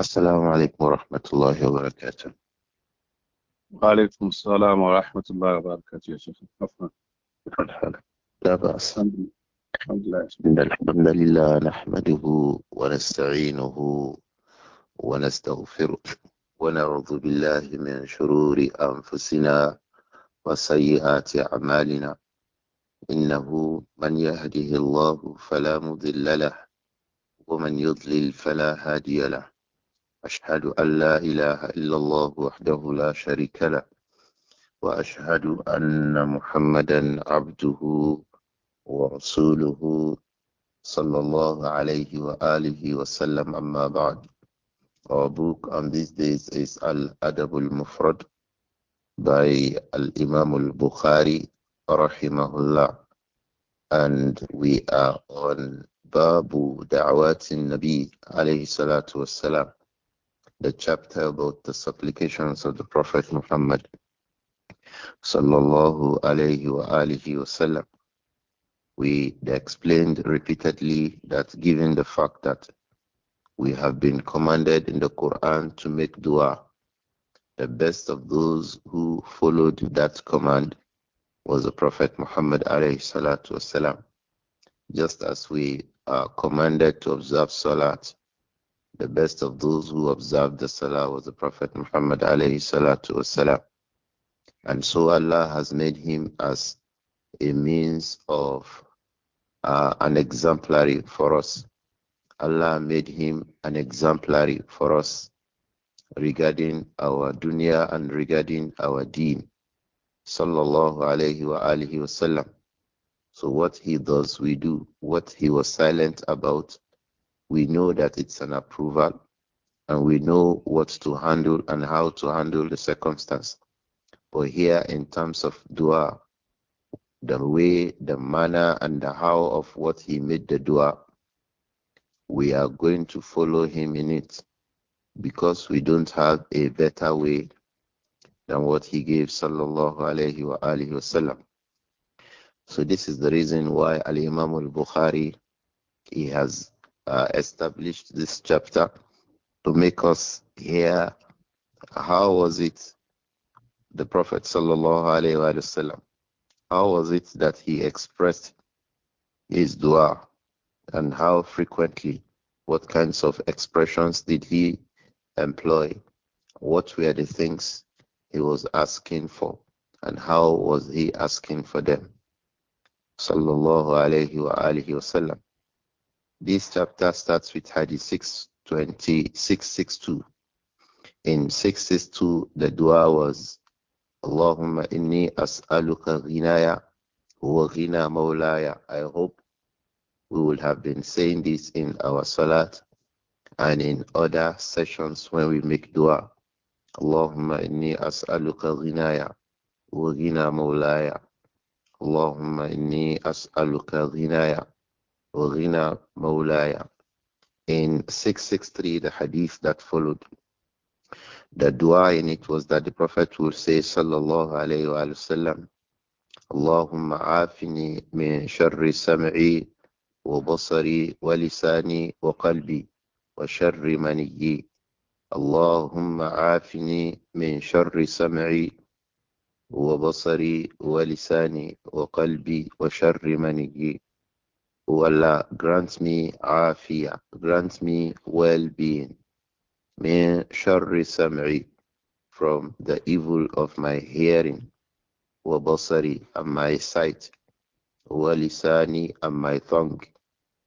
السلام عليكم ورحمة الله وبركاته وعليكم السلام ورحمة الله وبركاته يا شيخ كيف لا بأس الحمد لله إن الحمد لله نحمده ونستعينه ونستغفره ونعوذ بالله من شرور أنفسنا وسيئات أعمالنا إنه من يهده الله فلا مضل له ومن يضلل فلا هادي له أشهد أن لا إله إلا الله وحده لا شريك له وأشهد أن محمدا عبده ورسوله صلى الله عليه وآله وسلم أما بعد Our book on these days is Al-Adab al-Mufrad by Al-Imam al-Bukhari rahimahullah and we are on Babu Da'watin Nabi alayhi salatu wassalam the chapter about the supplications of the Prophet Muhammad sallallahu alayhi wa alihi wasallam. We explained repeatedly that given the fact that we have been commanded in the Quran to make dua, the best of those who followed that command was the Prophet Muhammad alayhi salatu wasalam. Just as we are commanded to observe salat, the best of those who observed the Salah was the Prophet Muhammad alayhi salatu wasalam. And so Allah has made him as a means of uh, an exemplary for us. Allah made him an exemplary for us regarding our dunya and regarding our deen. Sallallahu alayhi wa alihi wasallam. So what he does, we do. What he was silent about, we know that it's an approval and we know what to handle and how to handle the circumstance. But here, in terms of dua, the way, the manner, and the how of what he made the dua, we are going to follow him in it because we don't have a better way than what he gave sallallahu wasallam. So this is the reason why Al Imam al Bukhari he has uh, established this chapter to make us hear how was it the Prophet wasallam how was it that he expressed his dua and how frequently what kinds of expressions did he employ what were the things he was asking for and how was he asking for them sallallahu alayhi wa alihi wasallam this chapter starts with Hadith 62662. 662. In 662, the dua was Allahumma inni as'aluka ghinaya wa ghina maulaya." I hope we will have been saying this in our salat and in other sessions when we make dua. Allahumma inni as'aluka ghinaya wa ghina maulaya." Allahumma inni as'aluka ghinaya Ughina Mawlaya. In 663, the hadith that followed the dua in it was that the Prophet would say, Sallallahu Alaihi Wasallam, Allahumma afini min sharri sam'i wa basari wa lisani wa qalbi wa sharri maniyi. Allahumma afini min sharri sam'i وبصري ولساني وقلبي وشر منيي O Allah, grant me afiyah, grant me well-being. May sharri sam'i, from the evil of my hearing. Wa basari, and my sight. Wa lisani, and my tongue.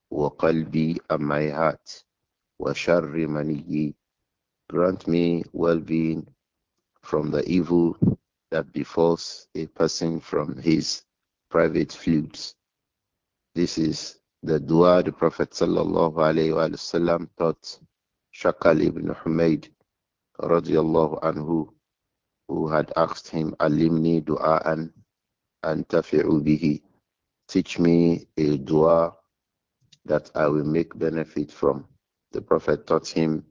Wa qalbi, and my heart. Wa sharri maniyi, grant me well-being from the evil that befalls a person from his private fields. This is the dua the Prophet sallallahu taught Shakal ibn Humayd radiallahu anhu who had asked him alimni du'aan antafi'u bihi teach me a dua that I will make benefit from the prophet taught him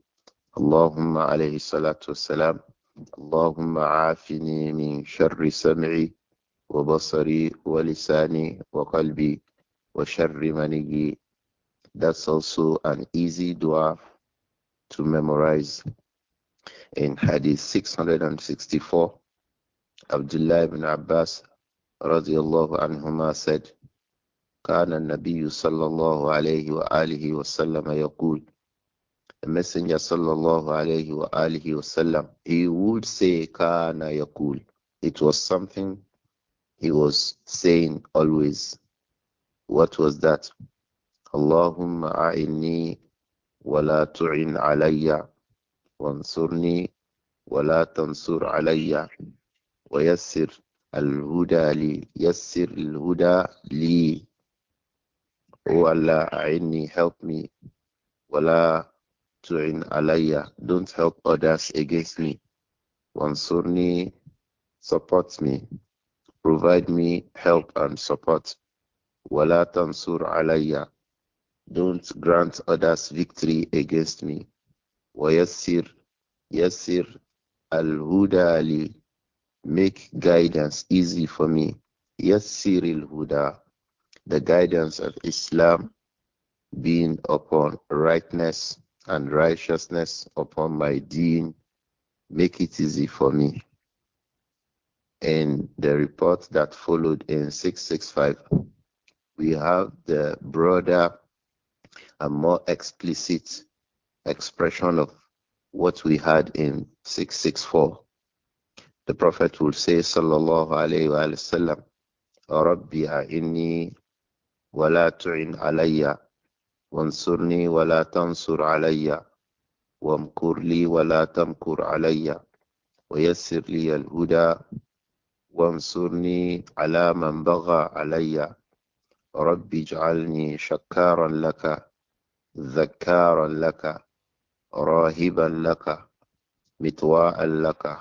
Allahumma alayhi salatu wasalam Allahumma afini min sharri sam'i wa basari wa lisani wa qalbi وَشَرِّ مَنِيِّ That's also an easy dua to memorize. In Hadith 664, Abdullah ibn Abbas radiallahu anhuma said, كان النبي صلى الله عليه وآله وسلم يقول The Messenger صلى الله عليه وآله وسلم he would say كان يقول It was something he was saying always what was that? Allahumma a'inni wa la tu'in alayya wansurni wa la tansur alayya wa yassir al-huda li yassir al-huda li Oh Allah a'inni help me wa la tu'in alayya don't help others against me wa wansurni support me provide me help and support Wala tansur alayya. Don't grant others victory against me. Wayassir, yassir al-huda li. Make guidance easy for me. Yassir al-huda. The guidance of Islam being upon rightness and righteousness upon my deen. Make it easy for me in the report that followed in 665, we have the broader and more explicit expression of what we had in 664. The Prophet will say, Sallallahu Alaihi Wasallam, Rabbi inni wa la tu'in alayya, wansurni wa la tansur alayya, wa li wa la tamkur alayya, wa yassir li al-huda, wansurni ala man baga alayya. رب اجعلني شكارا لك ذكارا لك راهبا لك متواء لك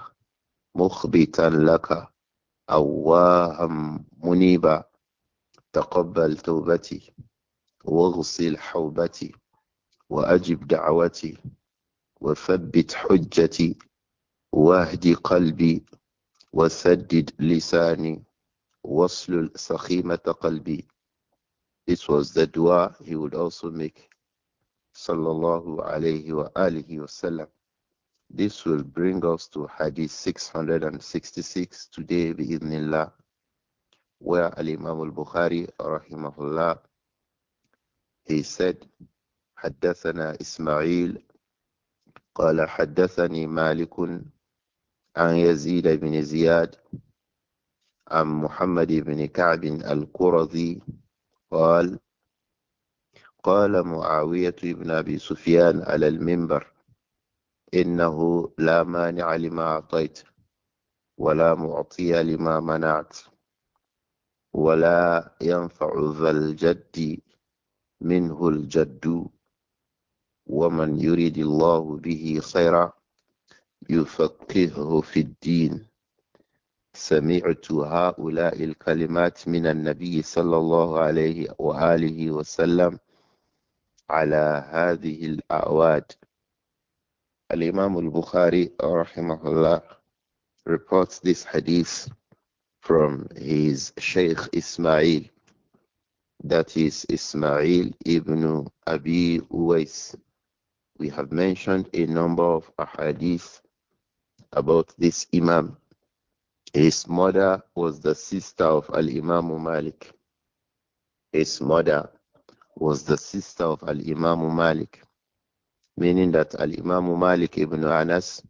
مخبتا لك أواها منيبا تقبل توبتي واغسل حوبتي وأجب دعوتي وثبت حجتي واهد قلبي وسدد لساني واصل سخيمة قلبي This was the dua he would also make. Sallallahu alayhi wa alihi wasallam. This will bring us to Hadith 666 today, bi'idhnillah, where Al-Imam al-Bukhari, rahimahullah, he said, حدثنا إسماعيل قال حدثني مالك عن يزيد بن زياد عن محمد بن كعب القرظي قال قال معاوية بن أبي سفيان على المنبر إنه لا مانع لما أعطيت ولا معطي لما منعت ولا ينفع ذا الجد منه الجد ومن يريد الله به خيرا يفقهه في الدين سمعت هؤلاء الكلمات من النبي صلى الله عليه وآله وسلم على هذه الأعواد الإمام البخاري رحمه الله reports this hadith from his Sheikh Ismail that is Ismail ibn Abi Uwais we have mentioned a number of hadith about this Imam His mother was the sister of Al Imam Malik. His mother was the sister of Al Imam Malik, meaning that Al Imam Malik ibn Anas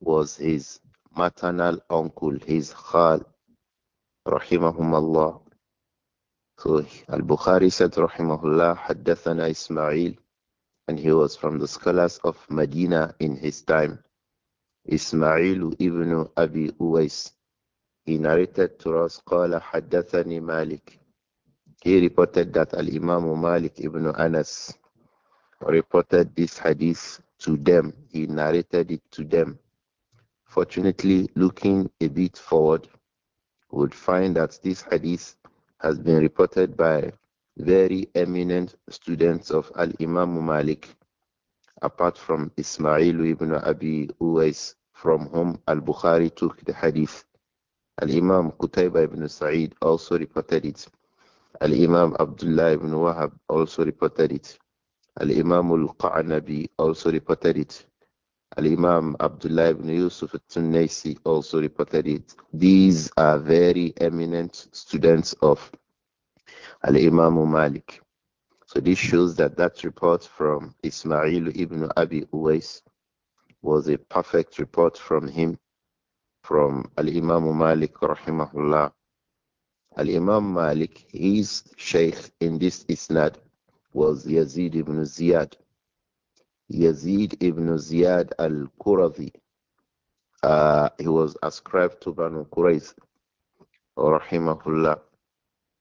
was his maternal uncle, his khal, rahimahumallah. So Al Bukhari said, rahimahullah, haddathana Ismail, and he was from the scholars of Medina in his time. Ismail ibn Abi Uwais. He narrated to us, قال حدثني Malik. He reported that Al-Imam Malik ibn Anas reported this hadith to them. He narrated it to them. Fortunately, looking a bit forward, we would find that this hadith has been reported by very eminent students of Al Imam Malik, apart from Ismail ibn Abi Uwais, from whom Al Bukhari took the hadith. Al-Imam Qutayba ibn Sa'id also reported it. Al-Imam Abdullah ibn Wahab also reported it. Al-Imam Al-Qa'nabi also reported it. Al-Imam Abdullah ibn Yusuf al-Tunaysi also reported it. These are very eminent students of Al-Imam Malik. So this shows that that report from Ismail ibn Abi Uwais was a perfect report from him from Al-Imam Malik rahimahullah. Al-Imam Malik, his sheikh in this isnad was Yazid ibn Ziyad. Yazid ibn Ziyad al-Qurazi. Uh, he was ascribed to Banu Qurayz, rahimahullah.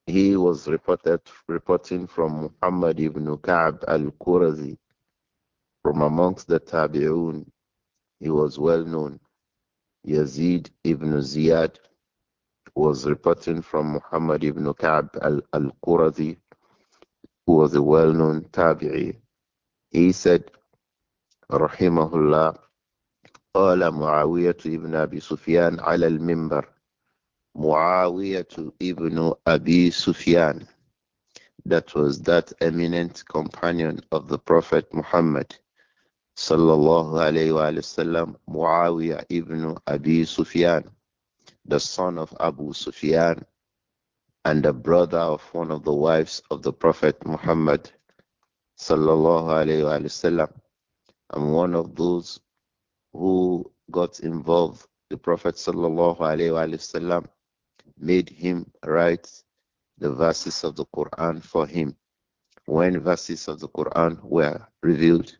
He was reported reporting from Muhammad ibn Ka'b al-Qurazi, from amongst the Tabi'un. He was well known. Yazid ibn Ziyad was reporting from Muhammad ibn Ka'b al-Quradi, who was a well-known Tabi'i. He said, rahimahullah, قال معاوية ibn Abi Sufyan al Mimbar. معاوية ibn Abi Sufyan. That was that eminent companion of the Prophet Muhammad sallallahu alayhi wa sallam, Muawiyah ibn Abi Sufyan, the son of Abu Sufyan, and the brother of one of the wives of the Prophet Muhammad sallallahu alayhi wa sallam. I'm one of those who got involved. The Prophet sallallahu alayhi wa sallam made him write the verses of the Quran for him. When verses of the Quran were revealed,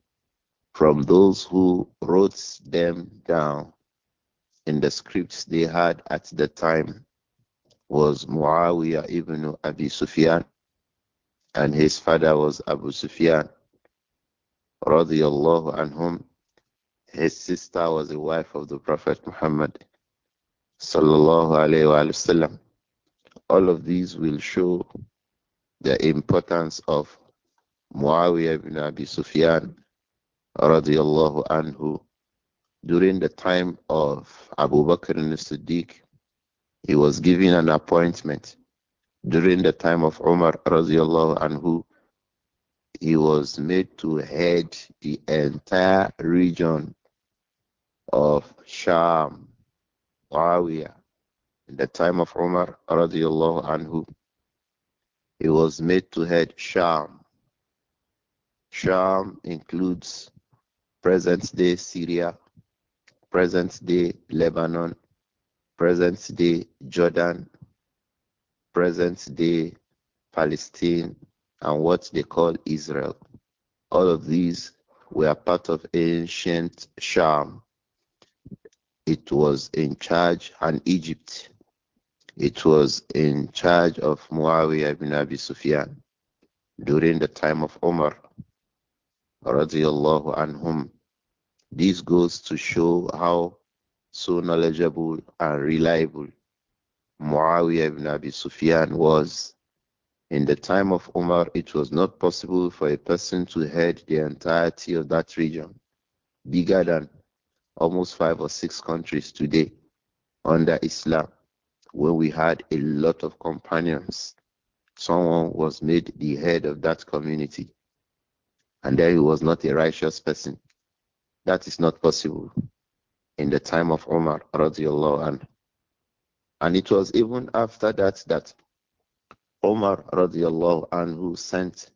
from those who wrote them down in the scripts they had at the time was Muawiyah ibn Abi Sufyan, and his father was Abu Sufyan, radiyallahu anhum. His sister was the wife of the Prophet Muhammad, sallallahu alayhi wa All of these will show the importance of Muawiyah ibn Abi Sufyan radiallahu anhu, during the time of Abu Bakr al-Siddiq, he was given an appointment. During the time of Umar radiallahu anhu, he was made to head the entire region of Sham, Muawiyah. In the time of Umar radiallahu anhu, he was made to head Sham. Sham includes present day Syria, present day Lebanon, present day Jordan, present day Palestine, and what they call Israel. All of these were part of ancient Sham. It was in charge, and Egypt. It was in charge of Muawiyah ibn Abi Sufyan during the time of Omar الله عنهم. This goes to show how so knowledgeable and reliable Muawiyah ibn Abi Sufyan was. In the time of Omar, it was not possible for a person to head the entirety of that region, bigger than almost five or six countries today under Islam, when we had a lot of companions. Someone was made the head of that community, and then he was not a righteous person. That is not possible in the time of Umar radiallahu anhu. And it was even after that that Umar radiallahu anhu sent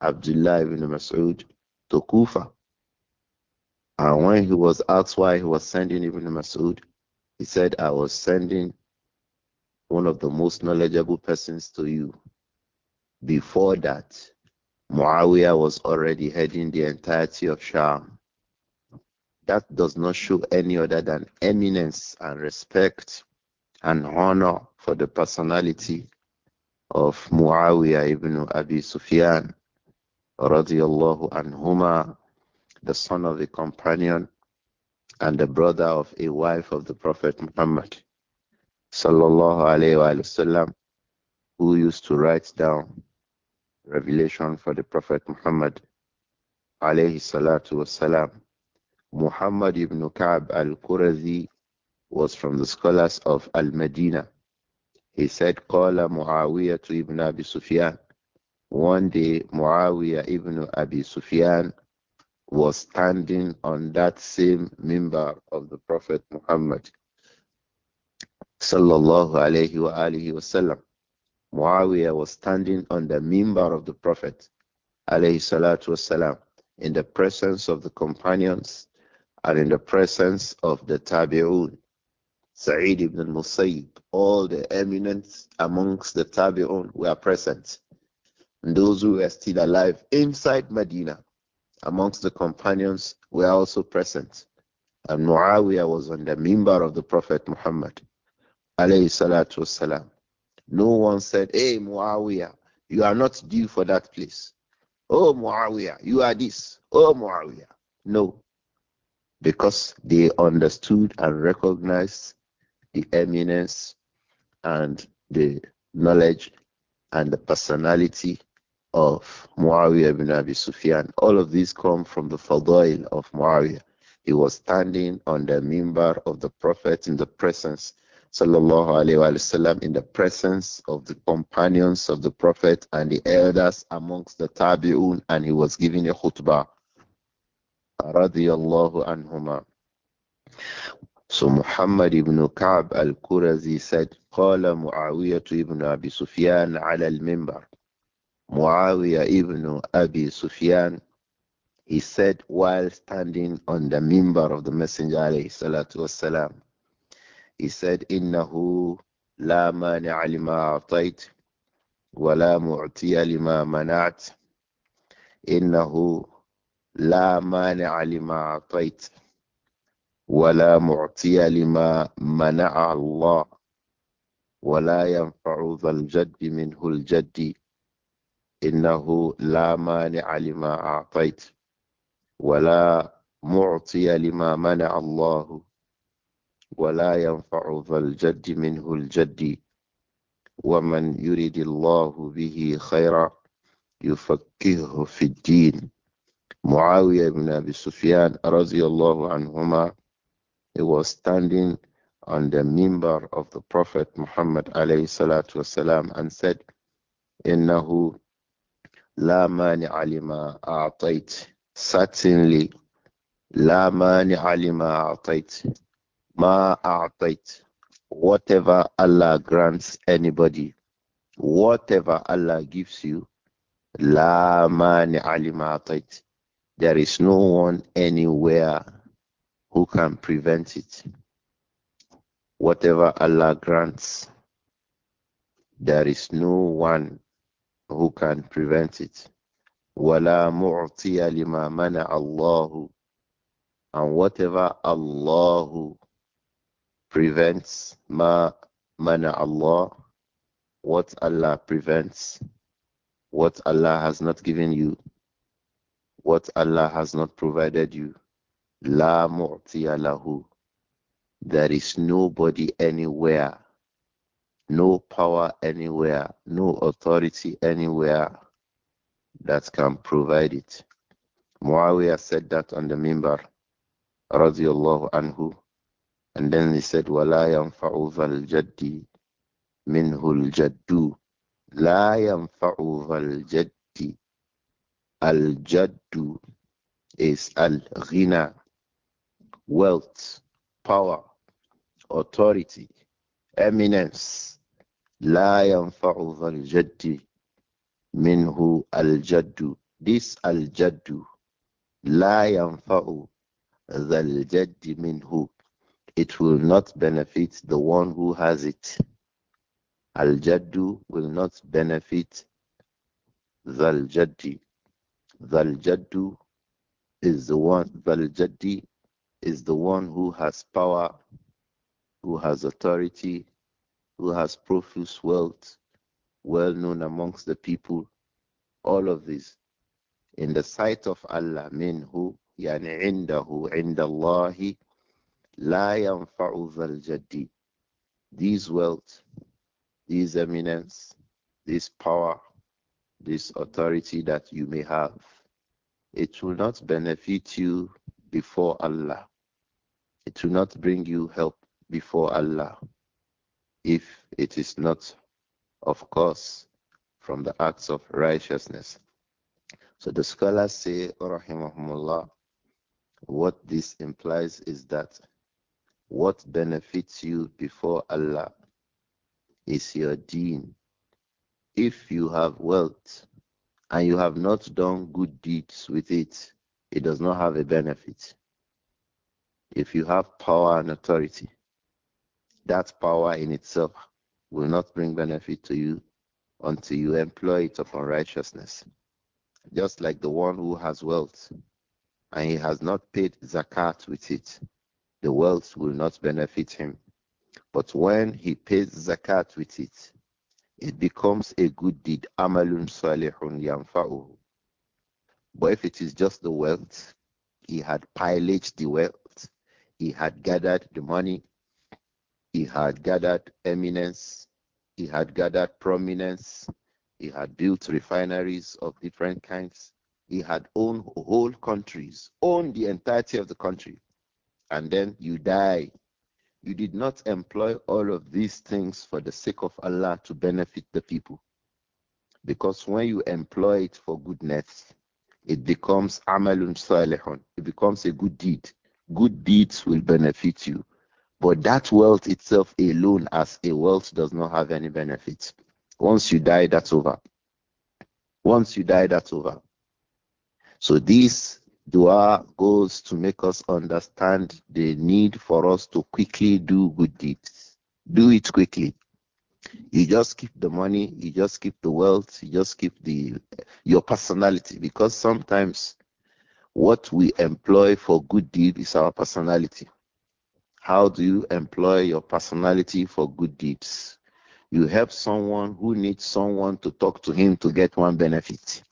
Abdullah ibn Mas'ud to Kufa. And when he was asked why he was sending Ibn Mas'ud, he said, I was sending one of the most knowledgeable persons to you. Before that, Muawiyah was already heading the entirety of Sham that does not show any other than eminence and respect and honor for the personality of Muawiyah ibn Abi Sufyan radiyallahu anhuma, the son of a companion and the brother of a wife of the Prophet Muhammad sallallahu alayhi wa sallam, who used to write down revelation for the Prophet Muhammad alayhi salatu wasalam Muhammad ibn Ka'b al-Qurazi was from the scholars of Al-Madinah. He said, Qala Muawiyah to Ibn Abi Sufyan. One day, Muawiyah ibn Abi Sufyan was standing on that same member of the Prophet Muhammad. Sallallahu alayhi wa alihi wasallam. Muawiyah was standing on the member of the Prophet alayhi salatu wasalam in the presence of the companions and in the presence of the Tabi'un, Sa'id ibn al-Musayyib, all the eminent amongst the Tabi'un were present. And those who were still alive inside Medina, amongst the companions, were also present. And Muawiyah was on the member of the Prophet Muhammad, alayhi salatu wasalam. No one said, hey Muawiyah, you are not due for that place. Oh Muawiyah, you are this. Oh Muawiyah. No because they understood and recognized the eminence and the knowledge and the personality of Muawiyah ibn Abi Sufyan. All of these come from the fadail of Muawiyah. He was standing on the mimbar of the Prophet in the presence, sallallahu alayhi wa sallam, in the presence of the companions of the Prophet and the elders amongst the tabi'un, and he was giving a khutbah. رضي الله عنهما. So Muhammad ibn Ka'b al-Qurazi said, قال معاوية ibn Abi Sufyan سفيان al المنبر. Muawiyah ibn Abi Sufyan, he said while standing on the member of the Messenger alayhi salatu wasalam, he said, إنه لا مانع لما أعطيت ولا معطي لما منعت إنه لا مانع لما أعطيت ولا معطي لما منع الله ولا ينفع ذا الجد منه الجد إنه لا مانع لما أعطيت ولا معطي لما منع الله ولا ينفع ذا الجد منه الجد ومن يرد الله به خيرا يفكهه في الدين Muawiyah ibn Abi Sufyan radiallahu anhuma, he was standing on the member of the Prophet Muhammad alayhi salatu wasalam and said, Innahu la mani alima a'tayt. Certainly, la mani alima a'tayt. Ma a'tayt. Whatever Allah grants anybody, whatever Allah gives you, la mani alima a'tayt." There is no one anywhere who can prevent it. Whatever Allah grants, there is no one who can prevent it. وَلَا مُعْطِيَ لِمَا مَنَعَ اللَّهُ And whatever Allah prevents, ma منع Allah, what Allah prevents, what Allah has not given you, what Allah has not provided you, La mu'tiya lahu. There is nobody anywhere, no power anywhere, no authority anywhere that can provide it. Muawiyah said that on the mimbar, radiallahu anhu. And then he said, وَلَا يَنْفَعُ ذَا الْجَدِّ مِنْهُ الْجَدُّ لَا يَنْفَعُ ذَا الْجَدِّ Al Jaddu is Al Ghina, wealth, power, authority, eminence. لا ينفع ذا الجد منه الجد. This الجد لا ينفع ذا الجد منه. It will not benefit the one who has it. Al jadu will not benefit Zal jadu. Valjaddu is the one, Valjaddi is the one who has power, who has authority, who has profuse wealth, well known amongst the people, all of this. In the sight of Allah, minhu, yani indahu, indallahi, la yanfa'u valjaddi. These wealth, these eminence, this power, this authority that you may have. It will not benefit you before Allah. It will not bring you help before Allah if it is not, of course, from the acts of righteousness. So the scholars say, what this implies is that what benefits you before Allah is your deen, if you have wealth and you have not done good deeds with it, it does not have a benefit. If you have power and authority, that power in itself will not bring benefit to you until you employ it upon righteousness. Just like the one who has wealth and he has not paid zakat with it, the wealth will not benefit him. But when he pays zakat with it, it becomes a good deed. Amalun salihun yanfa'uhu. But if it is just the wealth, he had pillaged the wealth, he had gathered the money, he had gathered eminence, he had gathered prominence, he had built refineries of different kinds, he had owned whole countries, owned the entirety of the country. And then you die you did not employ all of these things for the sake of Allah to benefit the people. Because when you employ it for goodness, it becomes amalun salihun. It becomes a good deed. Good deeds will benefit you. But that wealth itself alone as a wealth does not have any benefit. Once you die, that's over. Once you die, that's over. So these Dua goes to make us understand the need for us to quickly do good deeds. Do it quickly. You just keep the money, you just keep the wealth, you just keep the your personality because sometimes what we employ for good deed is our personality. How do you employ your personality for good deeds? You help someone who needs someone to talk to him to get one benefit.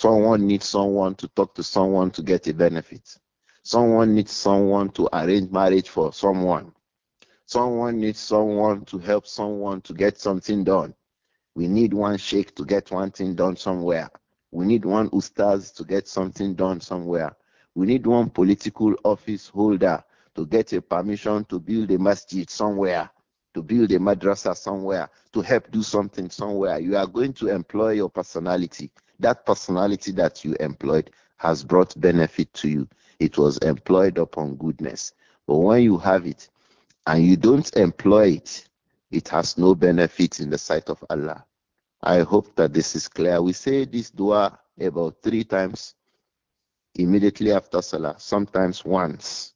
Someone needs someone to talk to someone to get a benefit. Someone needs someone to arrange marriage for someone. Someone needs someone to help someone to get something done. We need one sheikh to get one thing done somewhere. We need one ustaz to get something done somewhere. We need one political office holder to get a permission to build a masjid somewhere, to build a madrasa somewhere, to help do something somewhere. You are going to employ your personality that personality that you employed has brought benefit to you. It was employed upon goodness. But when you have it and you don't employ it, it has no benefit in the sight of Allah. I hope that this is clear. We say this dua about three times immediately after Salah, sometimes once.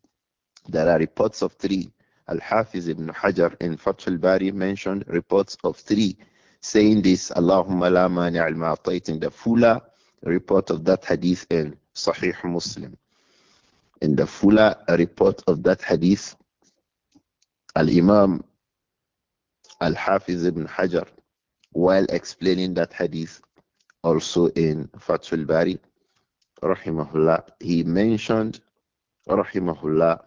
There are reports of three. Al Hafiz ibn Hajar in Fathul Bari mentioned reports of three saying this, Allahumma la mani'al ma'atayt in the fuller report of that hadith in Sahih Muslim. In the fuller report of that hadith, Al-Imam Al-Hafiz ibn Hajar, while explaining that hadith also in Fathul Bari, rahimahullah, he mentioned, rahimahullah,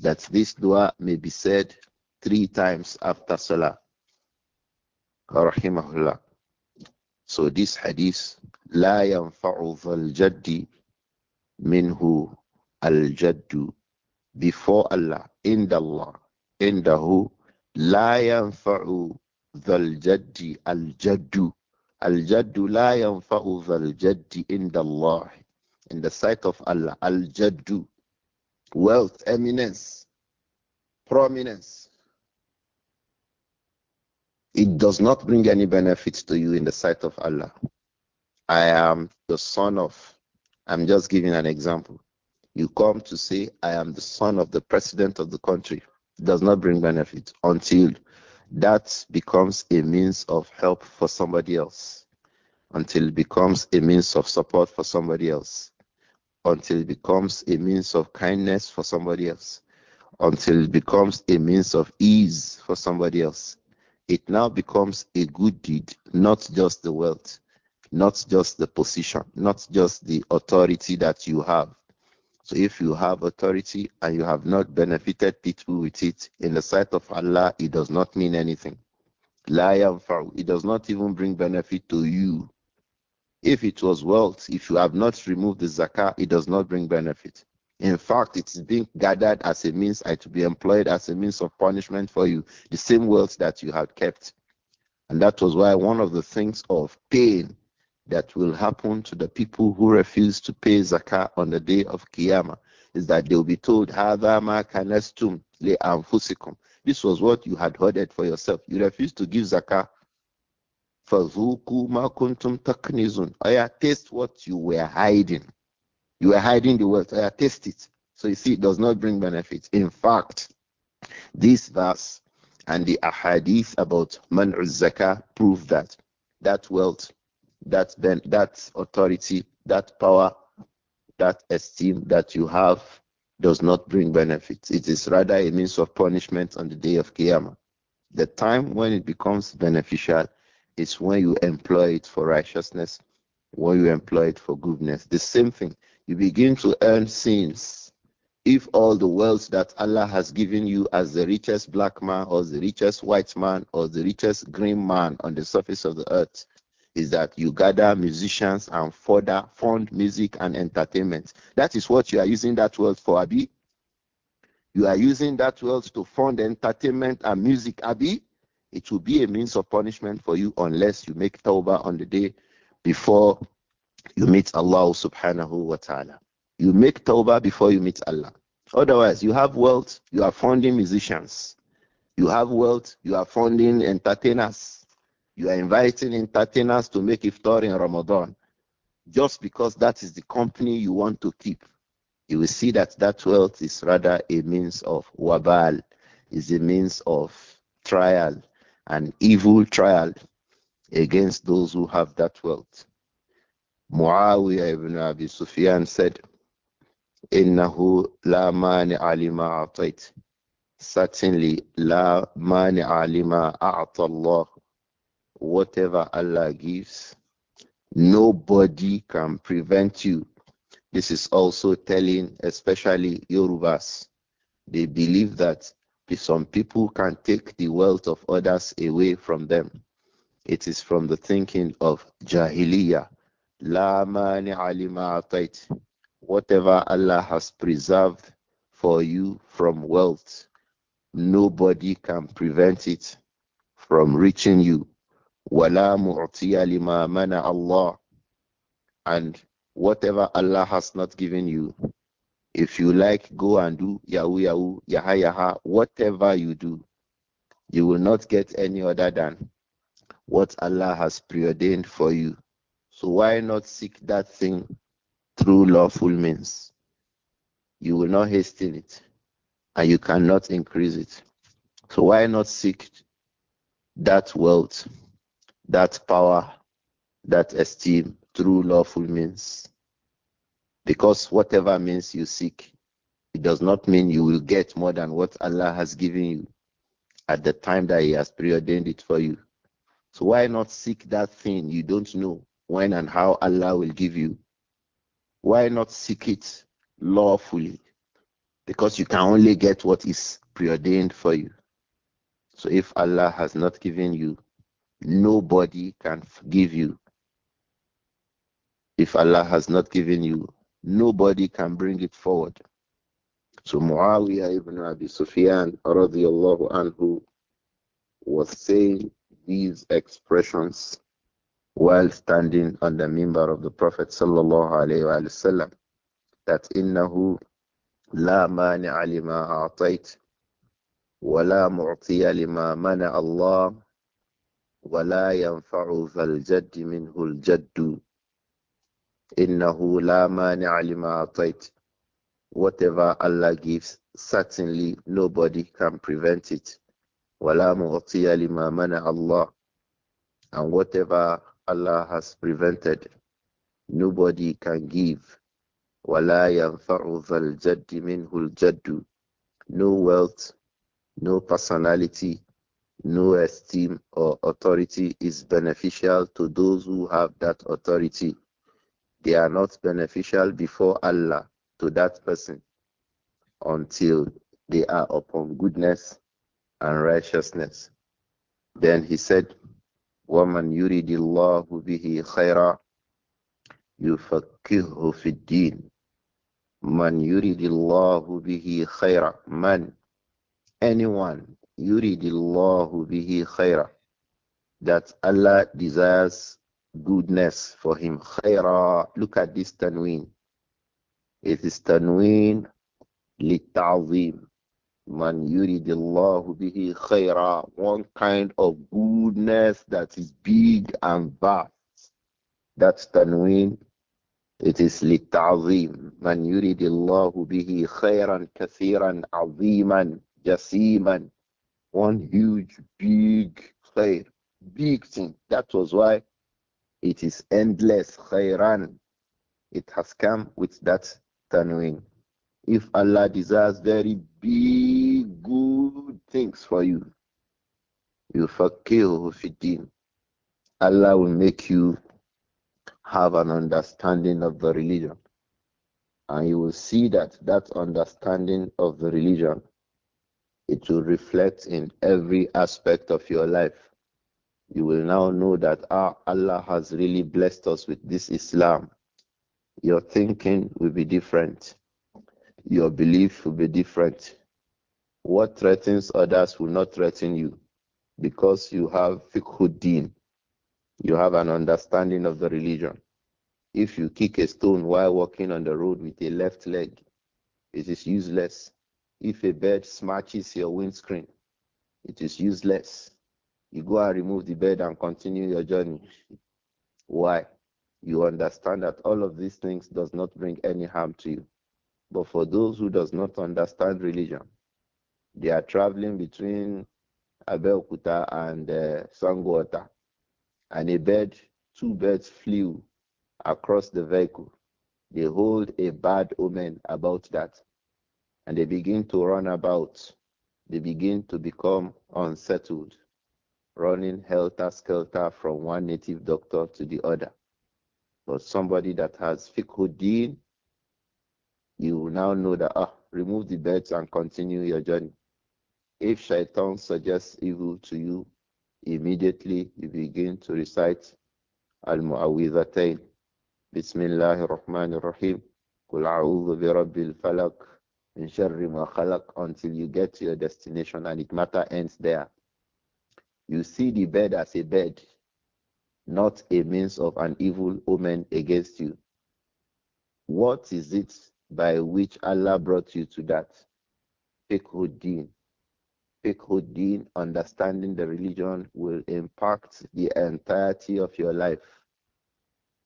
that this dua may be said three times after salah rahimahullah. So this hadith, لا ينفع ذا الجد منه الجد before Allah, in Allah, in the who, لا ينفع ذا الجد الجد الجد لا ينفع ذا الجد in Allah, in the sight of Allah, الجد, wealth, eminence, prominence, it does not bring any benefit to you in the sight of Allah. I am the son of, I'm just giving an example. You come to say, I am the son of the president of the country. It does not bring benefit until that becomes a means of help for somebody else, until it becomes a means of support for somebody else, until it becomes a means of kindness for somebody else, until it becomes a means of ease for somebody else it now becomes a good deed, not just the wealth, not just the position, not just the authority that you have. So if you have authority and you have not benefited people with it, in the sight of Allah, it does not mean anything. La It does not even bring benefit to you. If it was wealth, if you have not removed the zakah, it does not bring benefit. In fact, it is being gathered as a means to be employed as a means of punishment for you, the same wealth that you had kept. And that was why one of the things of pain that will happen to the people who refuse to pay zakah on the day of Kiyama is that they will be told, kanastum le This was what you had hoarded for yourself. You refused to give zakah. Fazuku ma kuntum taknizun. Taste what you were hiding. You are hiding the wealth. I attest it. So you see, it does not bring benefit. In fact, this verse and the ahadith about man'u zakah prove that that wealth, that ben, that authority, that power, that esteem that you have does not bring benefit. It is rather a means of punishment on the day of Qiyamah. The time when it becomes beneficial is when you employ it for righteousness, when you employ it for goodness. The same thing you begin to earn sins. If all the wealth that Allah has given you as the richest black man or the richest white man or the richest green man on the surface of the earth is that you gather musicians and further fund music and entertainment. That is what you are using that wealth for, Abi. You are using that wealth to fund entertainment and music, Abi. It will be a means of punishment for you unless you make tawbah on the day before you meet Allah subhanahu wa ta'ala. You make tawbah before you meet Allah. Otherwise, you have wealth, you are funding musicians. You have wealth, you are funding entertainers. You are inviting entertainers to make iftar in Ramadan just because that is the company you want to keep. You will see that that wealth is rather a means of wabal, is a means of trial, an evil trial against those who have that wealth. Muawiya ibn Abi Sufyan said, Innahu la mani alima atait. Certainly, la mani alima a'tallah. Whatever Allah gives, nobody can prevent you. This is also telling, especially Yorubas. They believe that some people can take the wealth of others away from them. It is from the thinking of Jahiliyyah La mani alima atait. Whatever Allah has preserved for you from wealth, nobody can prevent it from reaching you. Wala mu'tiya lima mana Allah. And whatever Allah has not given you, if you like, go and do yahu yahu Yaha Yaha, whatever you do, you will not get any other than what Allah has preordained for you. So why not seek that thing through lawful means? You will not hasten it and you cannot increase it. So why not seek that wealth, that power, that esteem through lawful means? Because whatever means you seek, it does not mean you will get more than what Allah has given you at the time that He has preordained it for you. So why not seek that thing you don't know? when and how Allah will give you, why not seek it lawfully? Because you can only get what is preordained for you. So if Allah has not given you, nobody can give you. If Allah has not given you, nobody can bring it forward. So Muawiyah ibn Abi Sufyan radiallahu anhu was saying these expressions while standing on the member of the Prophet sallallahu alaihi wasallam that innahu la mani'a lima a'tait wa la mu'tiya lima mana Allah wa la yanfa'u dhal jadd minhu al jadd innahu la mani'a lima a'tait whatever Allah gives certainly nobody can prevent it wa la mu'tiya lima mana Allah and whatever Allah has prevented. Nobody can give. No wealth, no personality, no esteem or authority is beneficial to those who have that authority. They are not beneficial before Allah to that person until they are upon goodness and righteousness. Then he said, ومن يريد الله به خيرا يفكهه في الدين من يريد الله به خيرا من anyone يريد الله به خيرا that Allah desires goodness for him خيرا look at this tanween it is tanween للتعظيم Man yuridillahu bihi khaira, one kind of goodness that is big and vast. That's tanween. It is litazim. Man yuridillahu bihi khairan kathiran aziman jasiman. One huge, big khair, big thing. That was why it is endless khairan. It has come with that tanween. If Allah desires very big good things for you, you fakir fiddin. Allah will make you have an understanding of the religion. And you will see that that understanding of the religion, it will reflect in every aspect of your life. You will now know that ah, Allah has really blessed us with this Islam. Your thinking will be different. Your belief will be different. What threatens others will not threaten you because you have fiqhuddin. You have an understanding of the religion. If you kick a stone while walking on the road with a left leg, it is useless. If a bird smashes your windscreen, it is useless. You go and remove the bird and continue your journey. Why? You understand that all of these things does not bring any harm to you. But for those who does not understand religion, they are traveling between Abeokuta and uh, and a bird, two birds flew across the vehicle. They hold a bad omen about that, and they begin to run about. They begin to become unsettled, running helter skelter from one native doctor to the other. But somebody that has fikhudin you will now know that, ah, remove the bed and continue your journey. If shaitan suggests evil to you, immediately you begin to recite al ar-Rahman ar Rahim. Kul a'udhu bi rabbil falaq min sharri ma khalaq until you get to your destination and it matter ends there. You see the bed as a bed, not a means of an evil omen against you. What is it by which Allah brought you to that. Fikhuddin. Fikhuddin, understanding the religion, will impact the entirety of your life.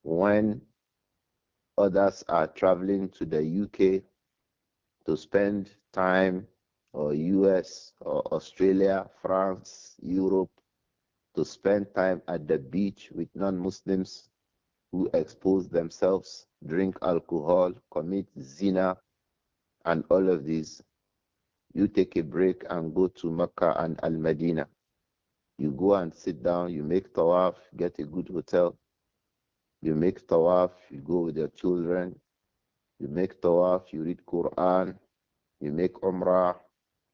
When others are traveling to the UK to spend time, or US, or Australia, France, Europe, to spend time at the beach with non Muslims, who expose themselves, drink alcohol, commit zina, and all of these, you take a break and go to Mecca and Al Medina. You go and sit down, you make tawaf, get a good hotel. You make tawaf, you go with your children. You make tawaf, you read Quran, you make umrah,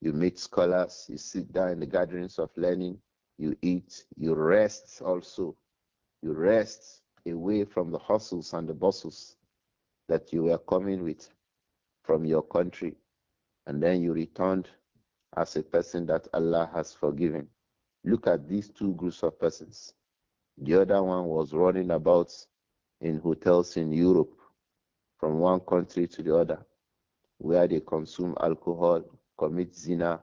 you meet scholars, you sit down in the gatherings of learning, you eat, you rest also. You rest away from the hustles and the bustles that you were coming with from your country, and then you returned as a person that Allah has forgiven. Look at these two groups of persons. The other one was running about in hotels in Europe from one country to the other, where they consume alcohol, commit zina,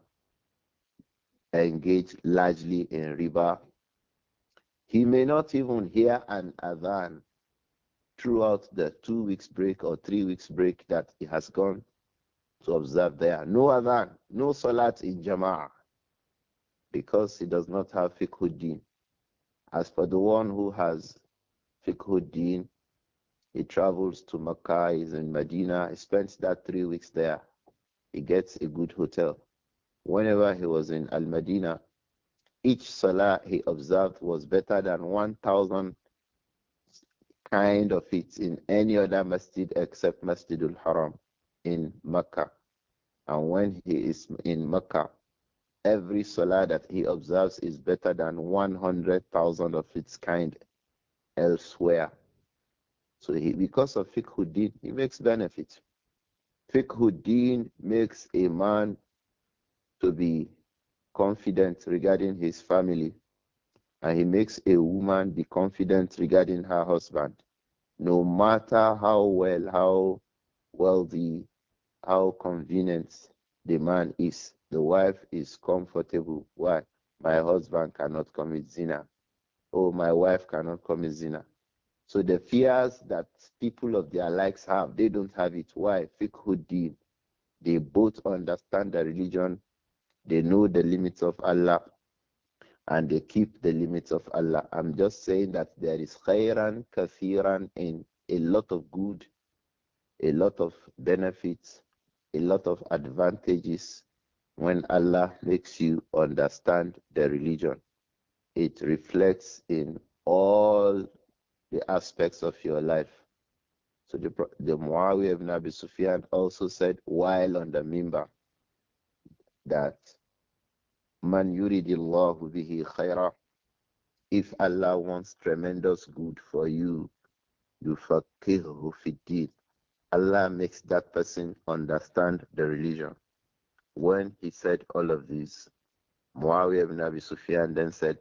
engage largely in riba, he may not even hear an adhan throughout the two weeks break or three weeks break that he has gone to observe there. No adhan, no salat in jama'ah because he does not have fiqhuddin. As for the one who has fiqhuddin, he travels to Makkah, is in Medina, he spends that three weeks there. He gets a good hotel. Whenever he was in Al Medina, each salah he observed was better than 1,000 kind of it in any other masjid except Masjidul Haram in Mecca. And when he is in Mecca, every salah that he observes is better than 100,000 of its kind elsewhere. So he, because of fiqhuddin, he makes benefit. Fiqhuddin makes a man to be confident regarding his family, and he makes a woman be confident regarding her husband, no matter how well, how wealthy, how convenient the man is, the wife is comfortable. Why? My husband cannot commit zina. Oh, my wife cannot commit zina. So the fears that people of their likes have, they don't have it. Why? Fikhud They both understand the religion they know the limits of Allah and they keep the limits of Allah. I'm just saying that there is khairan, kathiran, and a lot of good, a lot of benefits, a lot of advantages when Allah makes you understand the religion. It reflects in all the aspects of your life. So the, the Muawiyah ibn Abi Sufyan also said, while on the mimbar, that man yuridillahu bihi khaira if Allah wants tremendous good for you yufaqihu fiddin Allah makes that person understand the religion when he said all of this Muawiyah ibn Abi Sufyan then said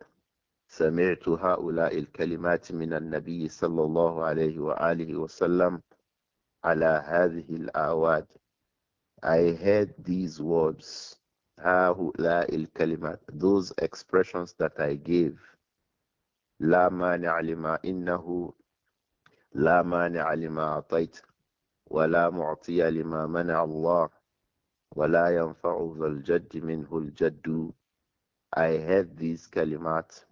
سمعت هؤلاء الكلمات من النبي صلى الله عليه وآله وسلم على هذه الأعواد I heard these words kalimat, those expressions that I gave. لا مانع لما إنه لا مانع لما أعطيت ولا معطي لما منع الله ولا ينفع ذا الجد منه الجد I had these kalimat,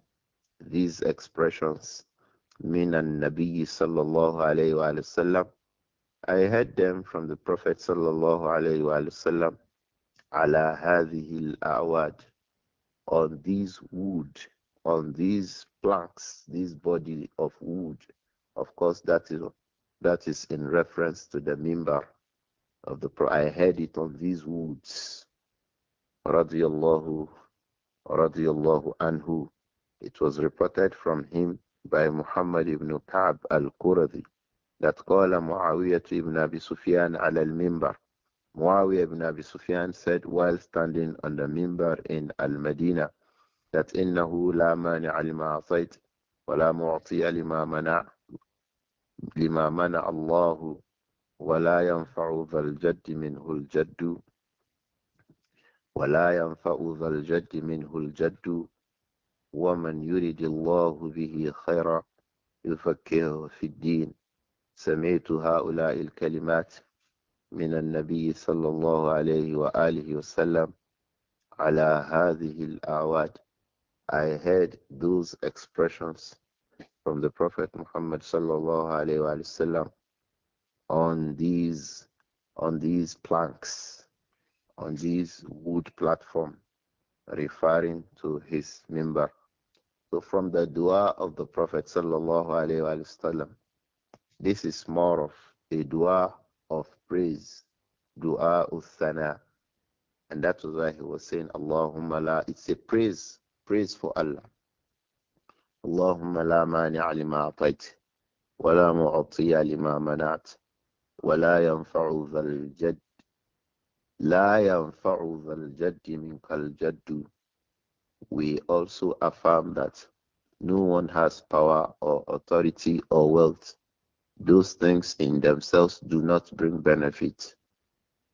these expressions من النبي صلى الله عليه وآله وسلم I heard them from the Prophet صلى الله عليه وآله وسلم ala hadhihi al-awad on this wood on these planks this body of wood of course that is that is in reference to the member of the I heard it on these woods radiyallahu radiyallahu anhu it was reported from him by Muhammad ibn Ka'b al-Quradi that قال معاوية ibn Abi Sufyan على mimbar Muawiyah ibn Abi Sufyan said while standing on the mimbar in Al-Madinah that إِنَّهُ لَا مَانِعَ لِمَا أَعْطَيْتَ وَلَا مُعْطِيَ لِمَا مَنَعَ لِمَا مَنَعَ اللَّهُ وَلَا يَنْفَعُ ذَا الْجَدِّ مِنْهُ الْجَدُّ وَلَا يَنْفَعُ ذَا الْجَدِّ مِنْهُ الْجَدُّ وَمَنْ يُرِدِ اللَّهُ بِهِ خَيْرًا يُفَكِّهُ فِي الدِّينِ سمعت هؤلاء الكلمات من النبي صلى الله عليه وآله وسلم على هذه الأعواد I heard those expressions from the Prophet Muhammad sallallahu alaihi wasallam on these on these planks on these wood platform referring to his member so from the dua of the Prophet sallallahu alaihi wasallam this is more of a dua of praise, dua uthana. And that was why he was saying, Allahumma la, it's a praise, praise for Allah. Allahumma la mani'a lima atait, wa la mu'atiya lima manat, wa la yanfa'u dhal jadd, la yanfa'u dhal jaddi minkal jaddu. We also affirm that no one has power or authority or wealth those things in themselves do not bring benefit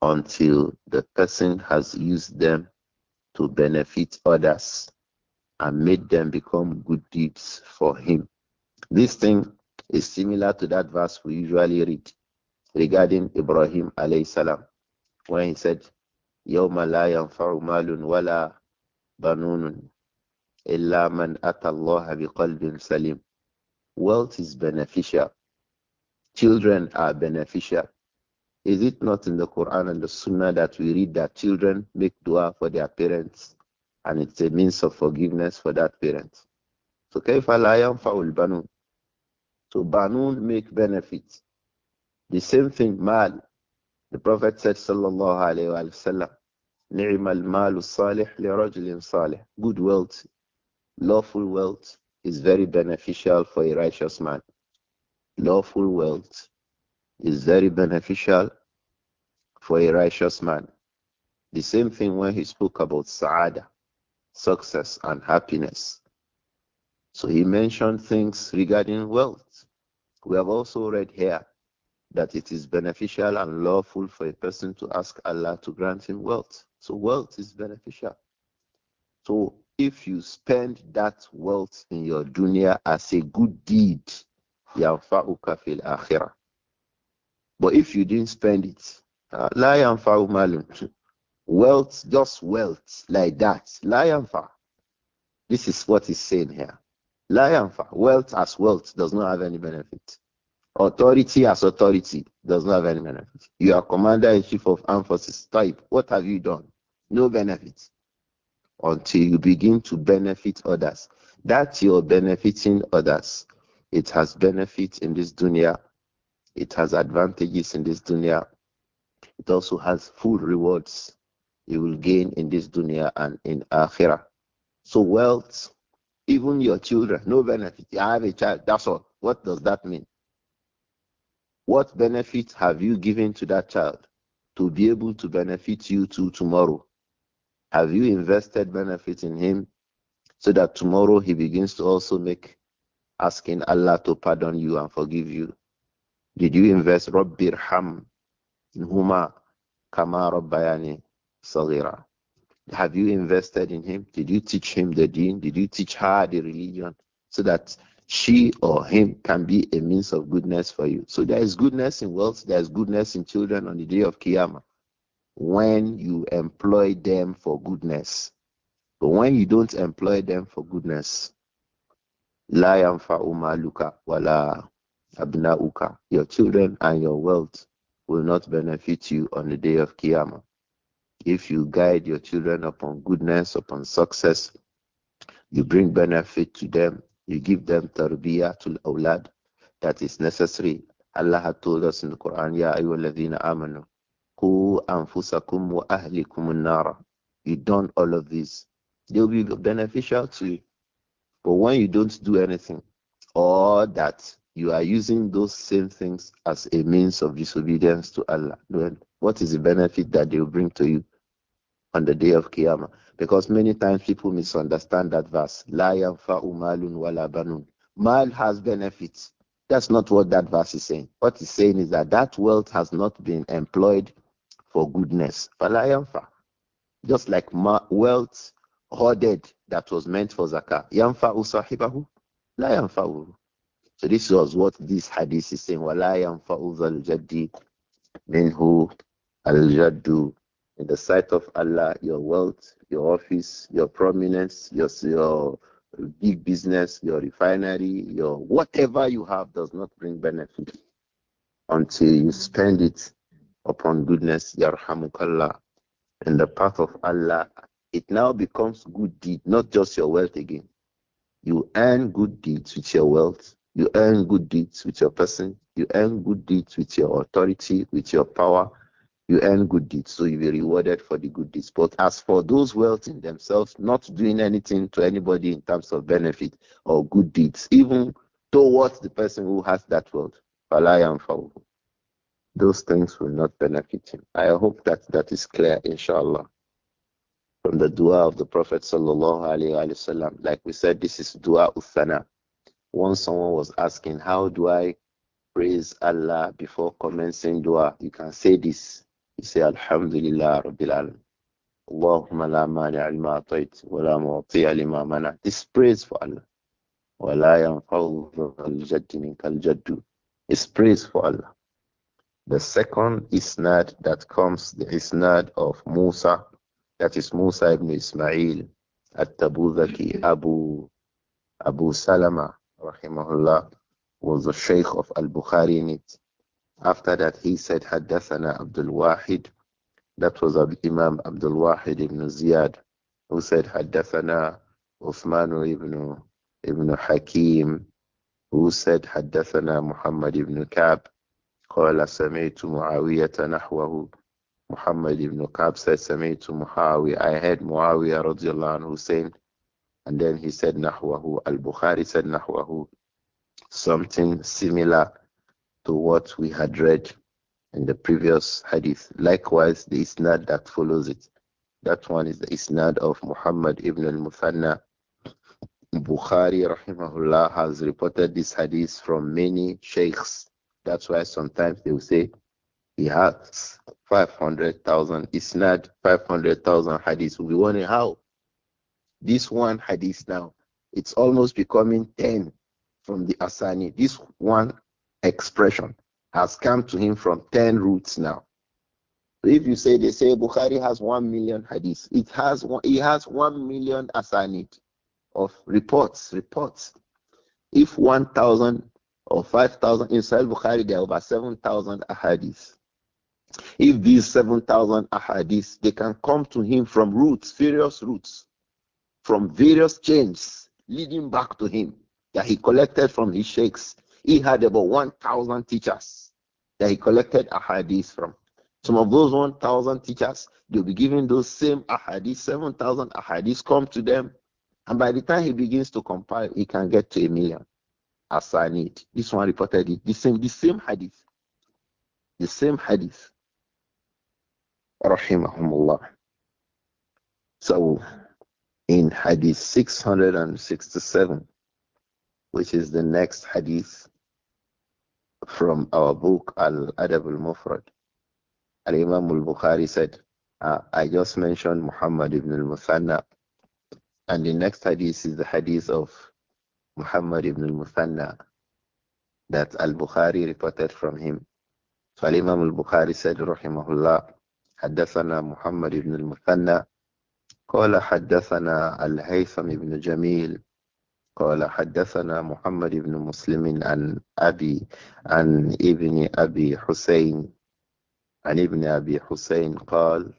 until the person has used them to benefit others and made them become good deeds for him. This thing is similar to that verse we usually read regarding Ibrahim alayhi salam when he said, يوم لا ينفع مال ولا بنون إلا من أتى الله بقلب سليم. Wealth is beneficial children are beneficial. Is it not in the Quran and the Sunnah that we read that children make dua for their parents and it's a means of forgiveness for that parent? So كيف لا ينفع So banun make benefits. The same thing mal. The Prophet said sallallahu alayhi wa sallam malu salih الصالح لرجل Good wealth, lawful wealth is very beneficial for a righteous man lawful wealth is very beneficial for a righteous man. The same thing when he spoke about sa'ada, success and happiness. So he mentioned things regarding wealth. We have also read here that it is beneficial and lawful for a person to ask Allah to grant him wealth. So wealth is beneficial. So if you spend that wealth in your dunya as a good deed, but if you didn't spend it, lie yanfa'u malun. Wealth, just wealth, like that. La yanfa. This is what is saying here. La yanfa. Wealth as wealth does not have any benefit. Authority as authority does not have any benefit. You are commander in chief of armed forces type. What have you done? No benefit. Until you begin to benefit others. That you're benefiting others it has benefits in this dunya. It has advantages in this dunya. It also has full rewards you will gain in this dunya and in akhirah. So wealth, even your children, no benefit. I have a child, that's all. What does that mean? What benefit have you given to that child to be able to benefit you to tomorrow? Have you invested benefit in him so that tomorrow he begins to also make asking Allah to pardon you and forgive you? Did you invest Rabbir in Huma Kama Rabbayani Sagira? Have you invested in him? Did you teach him the deen? Did you teach her the religion so that she or him can be a means of goodness for you? So there is goodness in wealth, there is goodness in children on the day of Qiyamah when you employ them for goodness. But when you don't employ them for goodness, La yanfa'u maluka wala abna'uka. Your children and your wealth will not benefit you on the day of Qiyamah. If you guide your children upon goodness, upon success, you bring benefit to them, you give them tarbiyah to awlad that is necessary. Allah had told us in the Quran, Ya ayyuhalladhina amanu, ku anfusakum wa ahlikum nara. You done all of this, they'll be beneficial to you. But when you don't do anything, or that you are using those same things as a means of disobedience to Allah, then what is the benefit that they will bring to you on the day of Qiyamah? Because many times people misunderstand that verse. La yanfa'u malun wala banun. Mal has benefits. That's not what that verse is saying. What it's saying is that that wealth has not been employed for goodness. Fala yanfa. Just like wealth hoarded that was meant for zakah. Yanfa'u sahibahu la yanfa'u. So this was what this hadith is saying. Wala yanfa'u al jaddi minhu al jaddu. In the sight of Allah, your wealth, your office, your prominence, your, your big business, your refinery, your whatever you have does not bring benefit until you spend it upon goodness, yarhamukallah, in the path of Allah it now becomes good deed, not just your wealth again. You earn good deeds with your wealth. You earn good deeds with your person. You earn good deeds with your authority, with your power. You earn good deeds, so you'll be rewarded for the good deeds. But as for those wealth in themselves, not doing anything to anybody in terms of benefit or good deeds, even towards the person who has that wealth, those things will not benefit him. I hope that that is clear, inshallah from the dua of the Prophet sallallahu Like we said, this is dua uthana. Once someone was asking, how do I praise Allah before commencing dua? You can say this. You say, Alhamdulillah Rabbil Alam. Allahumma la mani lima atayt wa la mu'tiya lima mana. This praise for Allah. Wa la yanfa'u al-jaddi It's praise for Allah. The second isnad that comes, the isnad of Musa that is Musa ibn Ismail at-Tabuzaki Abu Abu Salama rahimahullah was the Sheikh of Al-Bukhari in it. After that, he said hadathana Abdul Wahid. That was Imam Abdul Wahid ibn Ziyad, who said hadathana Uthman ibn ibn Hakim, who said hadathana Muhammad ibn Kab. قال سمعت معاوية نحوه Muhammad ibn Ka'b said, Sami'tu Muawiya. I heard Muawiya radiallahu anhu saying, and then he said Nahwahu. Al-Bukhari said Nahwahu. Something similar to what we had read in the previous hadith. Likewise, the isnad that follows it. That one is the isnad of Muhammad ibn al-Muthanna. Bukhari rahimahullah has reported this hadith from many sheikhs. That's why sometimes they will say he has 500,000 not 500,000 hadiths. We wonder how. This one hadith now, it's almost becoming 10 from the Asani. This one expression has come to him from 10 roots now. If you say they say Bukhari has 1 million hadiths, it has he has 1 million asani of reports, reports. If 1,000 or 5,000 inside Bukhari, there are over 7,000 hadiths. If these 7,000 ahadith, they can come to him from roots, various roots, from various chains leading back to him that he collected from his sheikhs. He had about 1,000 teachers that he collected ahadith from. Some of those 1,000 teachers, they'll be giving those same ahadith, 7,000 ahadith come to them. And by the time he begins to compile, he can get to a million. As I need. This one reported it. The same, the same hadith. The same hadith rahimahumullah. So in hadith 667, which is the next hadith from our book Al Adab al Mufrad, Al Imam al Bukhari said, uh, I just mentioned Muhammad ibn al Musanna, and the next hadith is the hadith of Muhammad ibn al Musanna that Al Bukhari reported from him. So Al Imam al Bukhari said, Rahimahullah, حدثنا محمد بن المثنى قال حدثنا الهيثم بن جميل قال حدثنا محمد بن مسلم عن أبي عن ابن أبي حسين عن ابن أبي حسين قال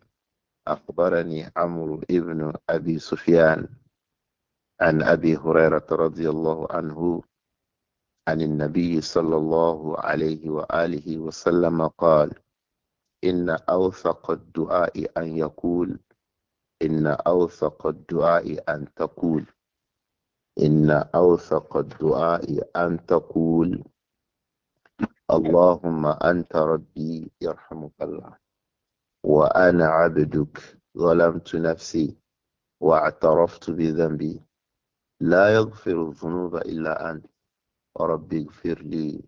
أخبرني عمرو ابن أبي سفيان عن أبي هريرة رضي الله عنه عن النبي صلى الله عليه وآله وسلم قال إن أوثق الدعاء أن يقول إن أوثق الدعاء أن تقول إن أوثق الدعاء أن تقول اللهم أنت ربي يرحمك الله وأنا عبدك ظلمت نفسي واعترفت بذنبي لا يغفر الذنوب إلا أنت ربي اغفر لي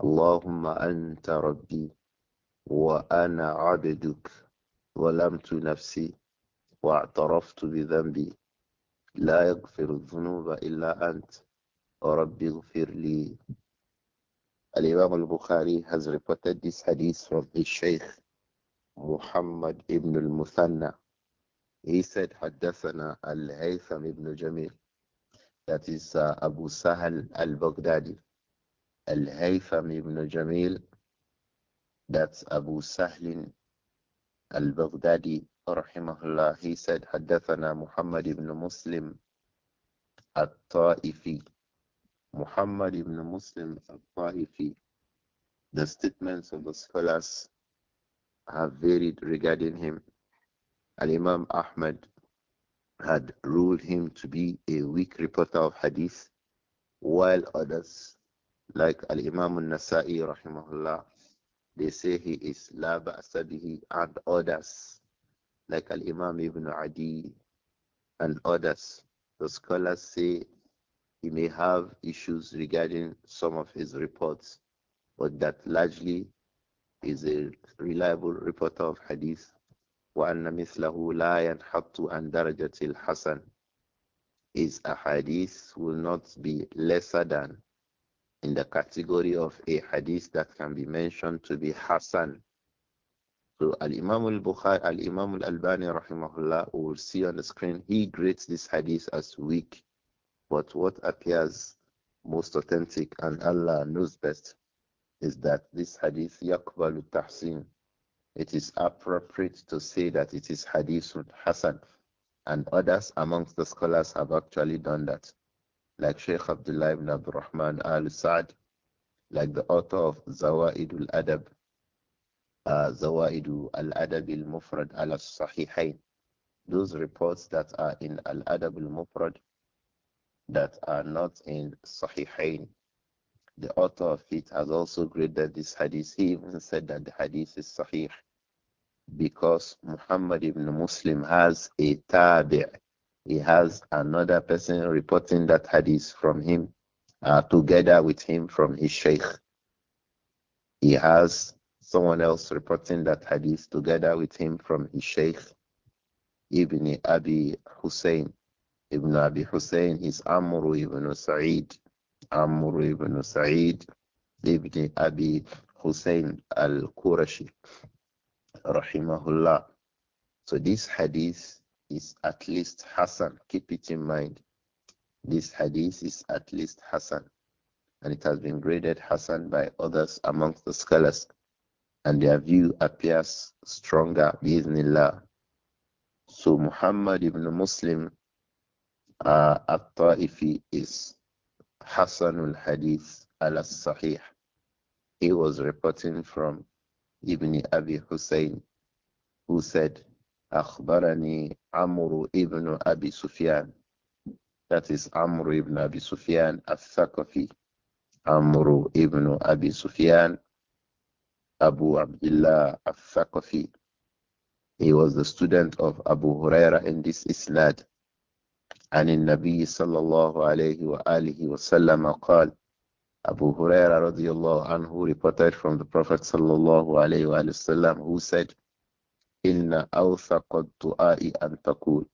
اللهم أنت ربي وأنا عبدك ظلمت نفسي واعترفت بذنبي لا يغفر الذنوب إلا أنت رب اغفر لي al البخاري al-Bukhari has reported this hadith from his Shaykh Muhammad ibn al-Muthanna. He said, Haddathana al-Haytham ibn Jamil. That is uh, Abu Sahal al-Baghdadi. al hayfa ibn Jamil that's Abu Sahlin al-Baghdadi rahimahullah. He said, حدثنا Muhammad ibn Muslim al-Ta'ifi. Muhammad ibn Muslim al-Ta'ifi. The statements of the scholars have varied regarding him. Al-Imam Ahmad had ruled him to be a weak reporter of hadith, while others, like Al-Imam al-Nasa'i rahimahullah, they say he is Laba Asabihi and others, like Al Imam Ibn Adi and others. The scholars say he may have issues regarding some of his reports, but that largely is a reliable reporter of hadith. وأن مثله لا ينحط عن درجة الحسن. His hadith will not be lesser than in the category of a hadith that can be mentioned to be Hassan. So Al-Imam al-Bukhari, Al-Imam al-Albani rahimahullah, will see on the screen, he grades this hadith as weak. But what appears most authentic and Allah knows best is that this hadith, Yaqbalu Tahsin, it is appropriate to say that it is hadith Hassan. And others amongst the scholars have actually done that like Sheikh Abdullah ibn Abdurrahman al Sa'd, like the author of Zawaidul Adab, uh, Zawaidu al Adab al Mufrad al Sahihain. Those reports that are in al Adab al Mufrad that are not in Sahihain. The author of it has also graded this hadith. He even said that the hadith is Sahih because Muhammad ibn Muslim has a tabi' he has another person reporting that hadith from him, uh, together with him from his sheikh. He has someone else reporting that hadith together with him from his sheikh, Ibn Abi Hussein. Ibn Abi Hussein is Amr ibn Sa'id. Amr ibn Sa'id ibn Abi Hussein al-Qurashi, rahimahullah. So this hadith is at least Hassan. Keep it in mind. This hadith is at least Hassan. And it has been graded Hassan by others amongst the scholars. And their view appears stronger, Bismillah. So Muhammad ibn Muslim uh, al-Ta'ifi is Hassan al-Hadith al-Sahih. He was reporting from Ibn Abi Hussein, who said, أخبرني عمرو ibn أبي سفيان that is Amru ibn Abi Sufyan al-Thaqafi Amru ibn Abi Sufyan Abu Abdullah al-Thaqafi he was the student of Abu Huraira in this isnad عن النبي صلى الله عليه وآله وسلم قال Abu Huraira رضي الله عنه reported from the Prophet صلى الله عليه وآله وسلم who said Inna awthaqat du'a'i an taqul.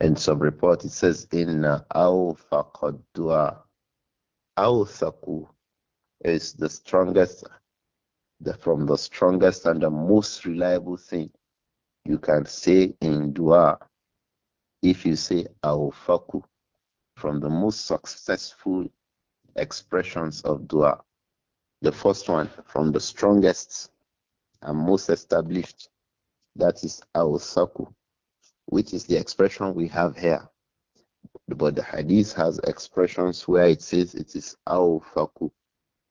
In some report it says Inna awthaqat du'a. Awthaqu is the strongest, the, from the strongest and the most reliable thing you can say in dua. If you say awfaku, from the most successful expressions of dua. The first one, from the strongest and most established, that is al-sakū, which is the expression we have here. But the hadith has expressions where it says it is al-fakū,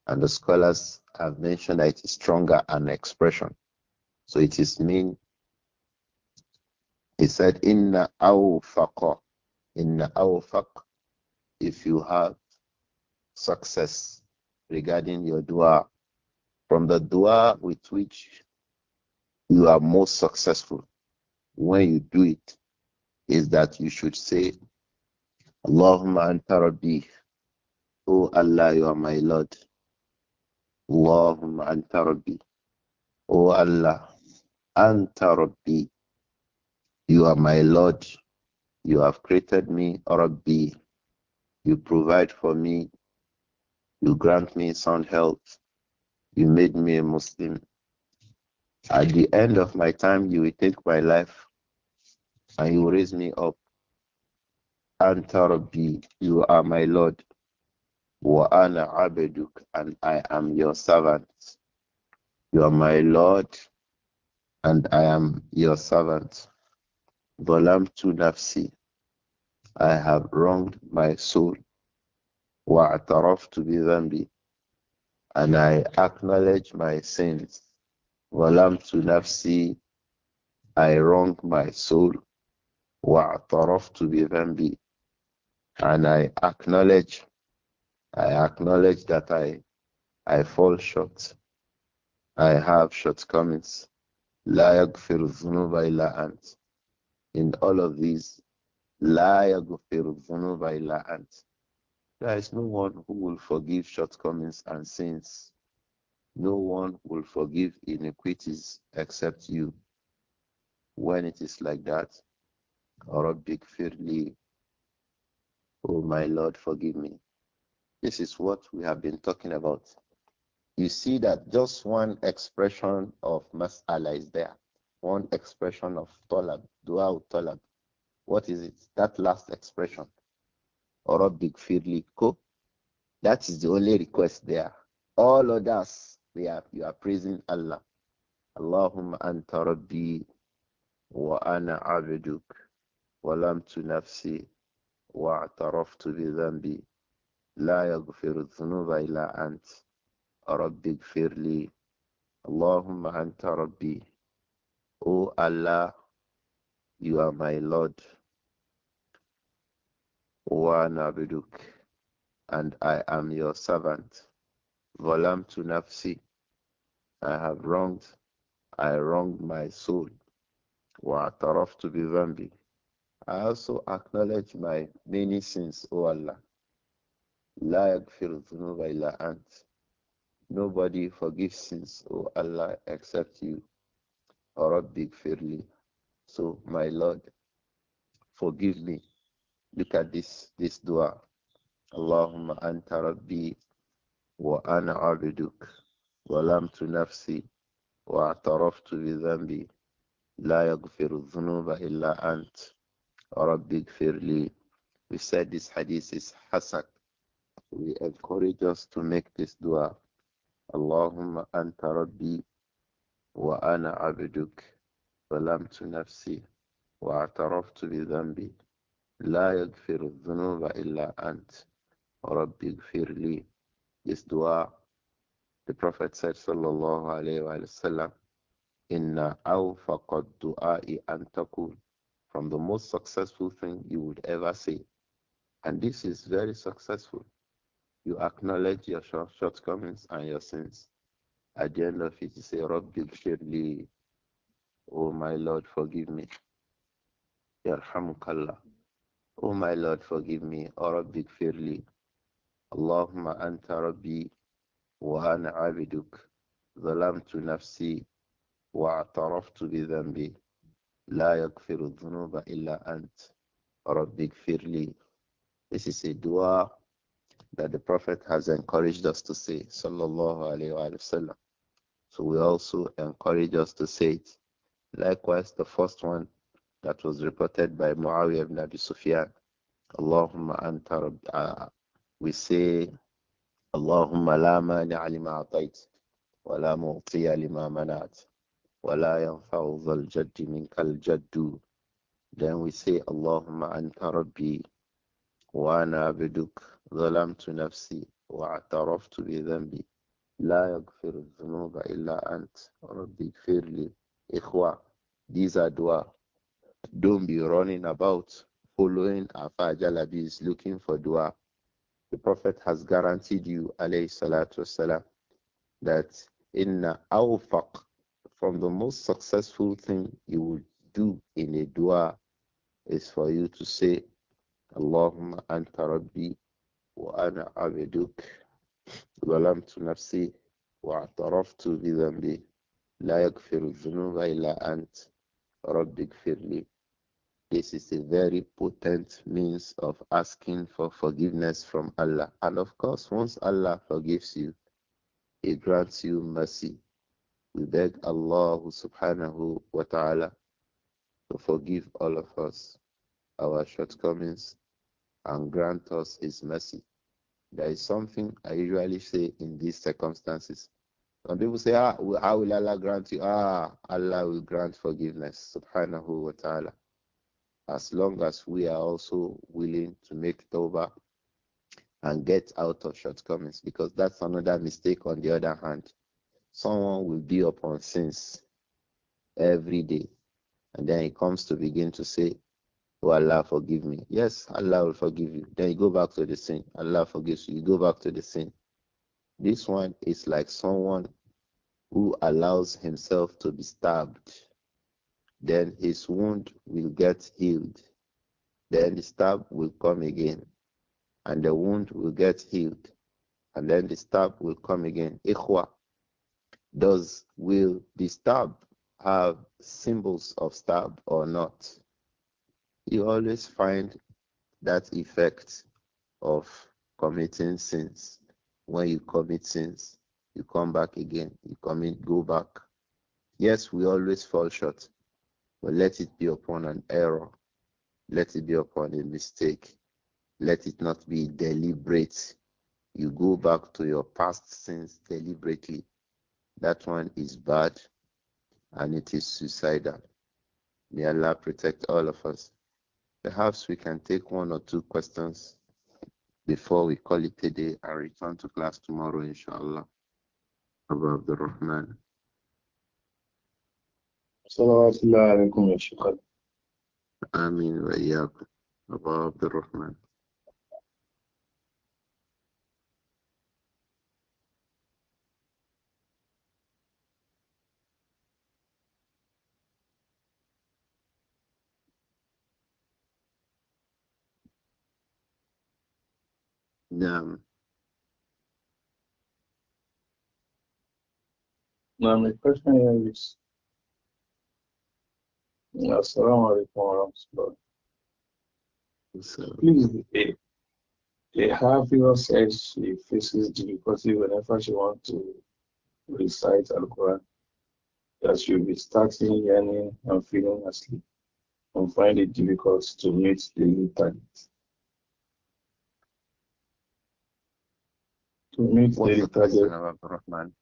and the scholars have mentioned that it is stronger an expression. So it is mean. He said, "Inna awfaqa, inna awfaq." If you have success regarding your dua, from the dua with which you are most successful when you do it is that you should say, Allahumma anta rabbi. Oh Allah, you are my Lord. Allahumma anta rabbi. Oh Allah, anta rabbi. You are my Lord. You have created me, Rabbi. You provide for me. You grant me sound health. You made me a Muslim. At the end of my time, you will take my life and you will raise me up. Anta you are my Lord. Wa ana abeduk, and I am your servant. You are my Lord, and I am your servant. Bolam tu nafsi, I have wronged my soul. Wa ataraf to be and I acknowledge my sins. Walam tu nafsi, I wronged my soul. be tu be, And I acknowledge, I acknowledge that I, I fall short. I have shortcomings. لا يغفر dhunuba illa ant. In all of these, لا يغفر dhunuba illa ant. There is no one who will forgive shortcomings and sins no one will forgive iniquities except you. When it is like that, Arabic fairly, oh my Lord, forgive me. This is what we have been talking about. You see that just one expression of mas'ala is there. One expression of talab, dua talab. What is it? That last expression. Arabic firli ko. That is the only request there. All others we are, you are praising Allah. Allahumma anta rabbi wa ana abduk wa tu nafsi wa a'taraftu bi zambi. la yaghfiru dhunuba illa ant rabbi gfirli Allahumma anta rabbi O Allah you are my Lord wa ana abduk and I am your servant Volam to nafsi. I have wronged, I wronged my soul. Waataraf to be dhanbi. I also acknowledge my many sins, O Allah. La yaghfiru dhunuba illa ant. Nobody forgives sins, O Allah, except you. Rabbi fairly. So, my Lord, forgive me. Look at this, this dua. Allahumma anta rabbi وأنا عبدك ظلمت نفسي واعترفت بذنبي لا يغفر الذنوب إلا أنت رب اغفر لي We said this hadith is Hasan. We encourage us to make this dua. اللهم أنت ربي وأنا عبدك ظلمت نفسي واعترفت بذنبي لا يغفر الذنوب إلا أنت رب اغفر لي this dua, the Prophet said, Sallallahu Alaihi Wasallam, Inna awfaqad du'a'i antakul. From the most successful thing you would ever say. And this is very successful. You acknowledge your shortcomings and your sins. At the end of it, you say, Rabbil Shirli, Oh my Lord, forgive me. Yarhamukallah. Oh my Lord, forgive me. Oh Rabbi اللهم أنت ربي وأنا عبدك ظلمت نفسي واعترفت بذنبي لا يغفر الذنوب إلا أنت ربي اغفر لي This is a dua that the Prophet has encouraged us to say sallallahu alayhi wa So we also encourage us to say it. Likewise, the first one that was reported by Muawiyah ibn Abi Sufyan, Allahumma anta rabbi, uh, we say, Allahumma la mani alima atait, wa la mu'tiya lima manat, wa la yanfa'udha al-jaddi minka al-jaddu. Then we say, Allahumma anta wa ana abiduk, zalamtu nafsi, wa ataraftu bi dhambi. La yagfir dhunuba illa ant, rabbi gfir li. Ikhwa, these dua. Don't be running about following afajal abuse, looking for dua. The Prophet has guaranteed you, alayhi salatu wasalam, that in awfaq, from the most successful thing you would do in a dua is for you to say, Allahumma anta rabbi wa ana abiduk ظلمت wa ataraf tu لا يغفر الذنوب إلا أنت ant اغفر لي this is a very potent means of asking for forgiveness from Allah. And of course, once Allah forgives you, He grants you mercy. We beg Allah subhanahu wa ta'ala to forgive all of us our shortcomings and grant us His mercy. There is something I usually say in these circumstances. Some people say, ah, how will Allah grant you? Ah, Allah will grant forgiveness, subhanahu wa ta'ala as long as we are also willing to make tawbah and get out of shortcomings, because that's another mistake. On the other hand, someone will be upon sins every day, and then he comes to begin to say, Oh Allah, forgive me. Yes, Allah will forgive you. Then you go back to the sin. Allah forgives you. You go back to the sin. This one is like someone who allows himself to be stabbed then his wound will get healed. Then the stab will come again, and the wound will get healed, and then the stab will come again. Ikhwa, does will the stab have symbols of stab or not? You always find that effect of committing sins. When you commit sins, you come back again, you commit, go back. Yes, we always fall short but let it be upon an error. Let it be upon a mistake. Let it not be deliberate. You go back to your past sins deliberately. That one is bad and it is suicidal. May Allah protect all of us. Perhaps we can take one or two questions before we call it a day and return to class tomorrow, inshallah. Abu Abdurrahman. صلوات الله عليكم يا شيخ آمين وإياكم أبا عبد الرحمن نعم نعم الكرسي Assalamu alaikum wa rahmatullah. Please, a, a half year says she faces difficulty whenever she wants to recite Al Quran, that she'll be starting, yearning, and feeling asleep, and find it difficult to meet daily targets. To meet daily targets.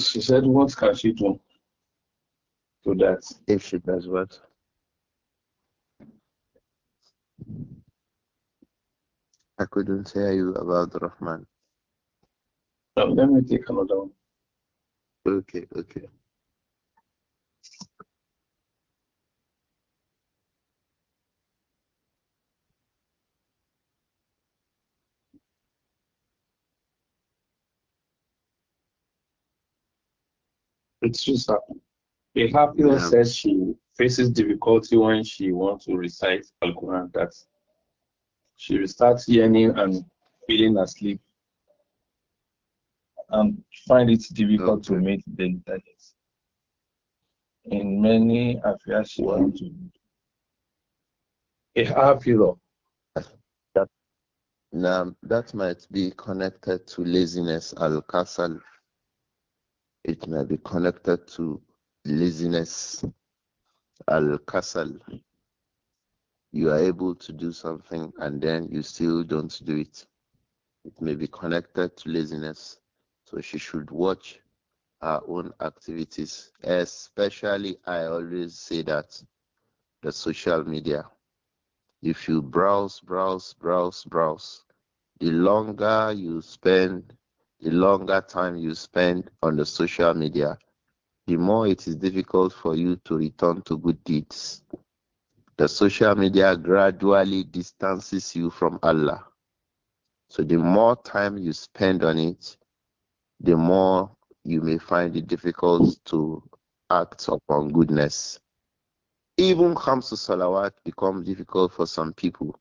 She said, What can she do to that? If she does what? I couldn't hear you about Rahman. let me take another one. Okay, okay. It's just happened. A happy yeah. says she faces difficulty when she wants to recite Al Quran. That she starts yearning and feeling asleep and find it difficult okay. to meet the deadlines. In many affairs, she wants to. A happy That, now, that might be connected to laziness, al kasal it may be connected to laziness, al kasal. You are able to do something and then you still don't do it. It may be connected to laziness. So she should watch her own activities, especially I always say that the social media. If you browse, browse, browse, browse, the longer you spend the longer time you spend on the social media, the more it is difficult for you to return to good deeds. The social media gradually distances you from Allah. So the more time you spend on it, the more you may find it difficult to act upon goodness. Even Khamsu Salawat becomes difficult for some people.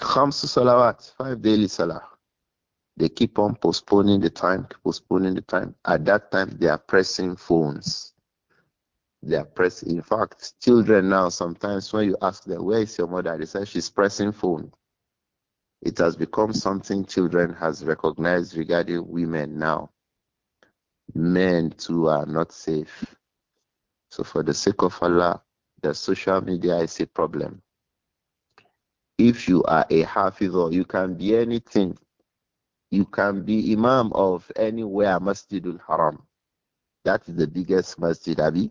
Khamsu Salawat, five daily Salah they keep on postponing the time, postponing the time. At that time, they are pressing phones. They are pressing. In fact, children now sometimes when you ask them, "Where is your mother?" they say she's pressing phone. It has become something children has recognized regarding women now. Men too are not safe. So for the sake of Allah, the social media is a problem. If you are a half or you can be anything, you can be Imam of anywhere Masjidul Haram. That is the biggest Masjid Abi.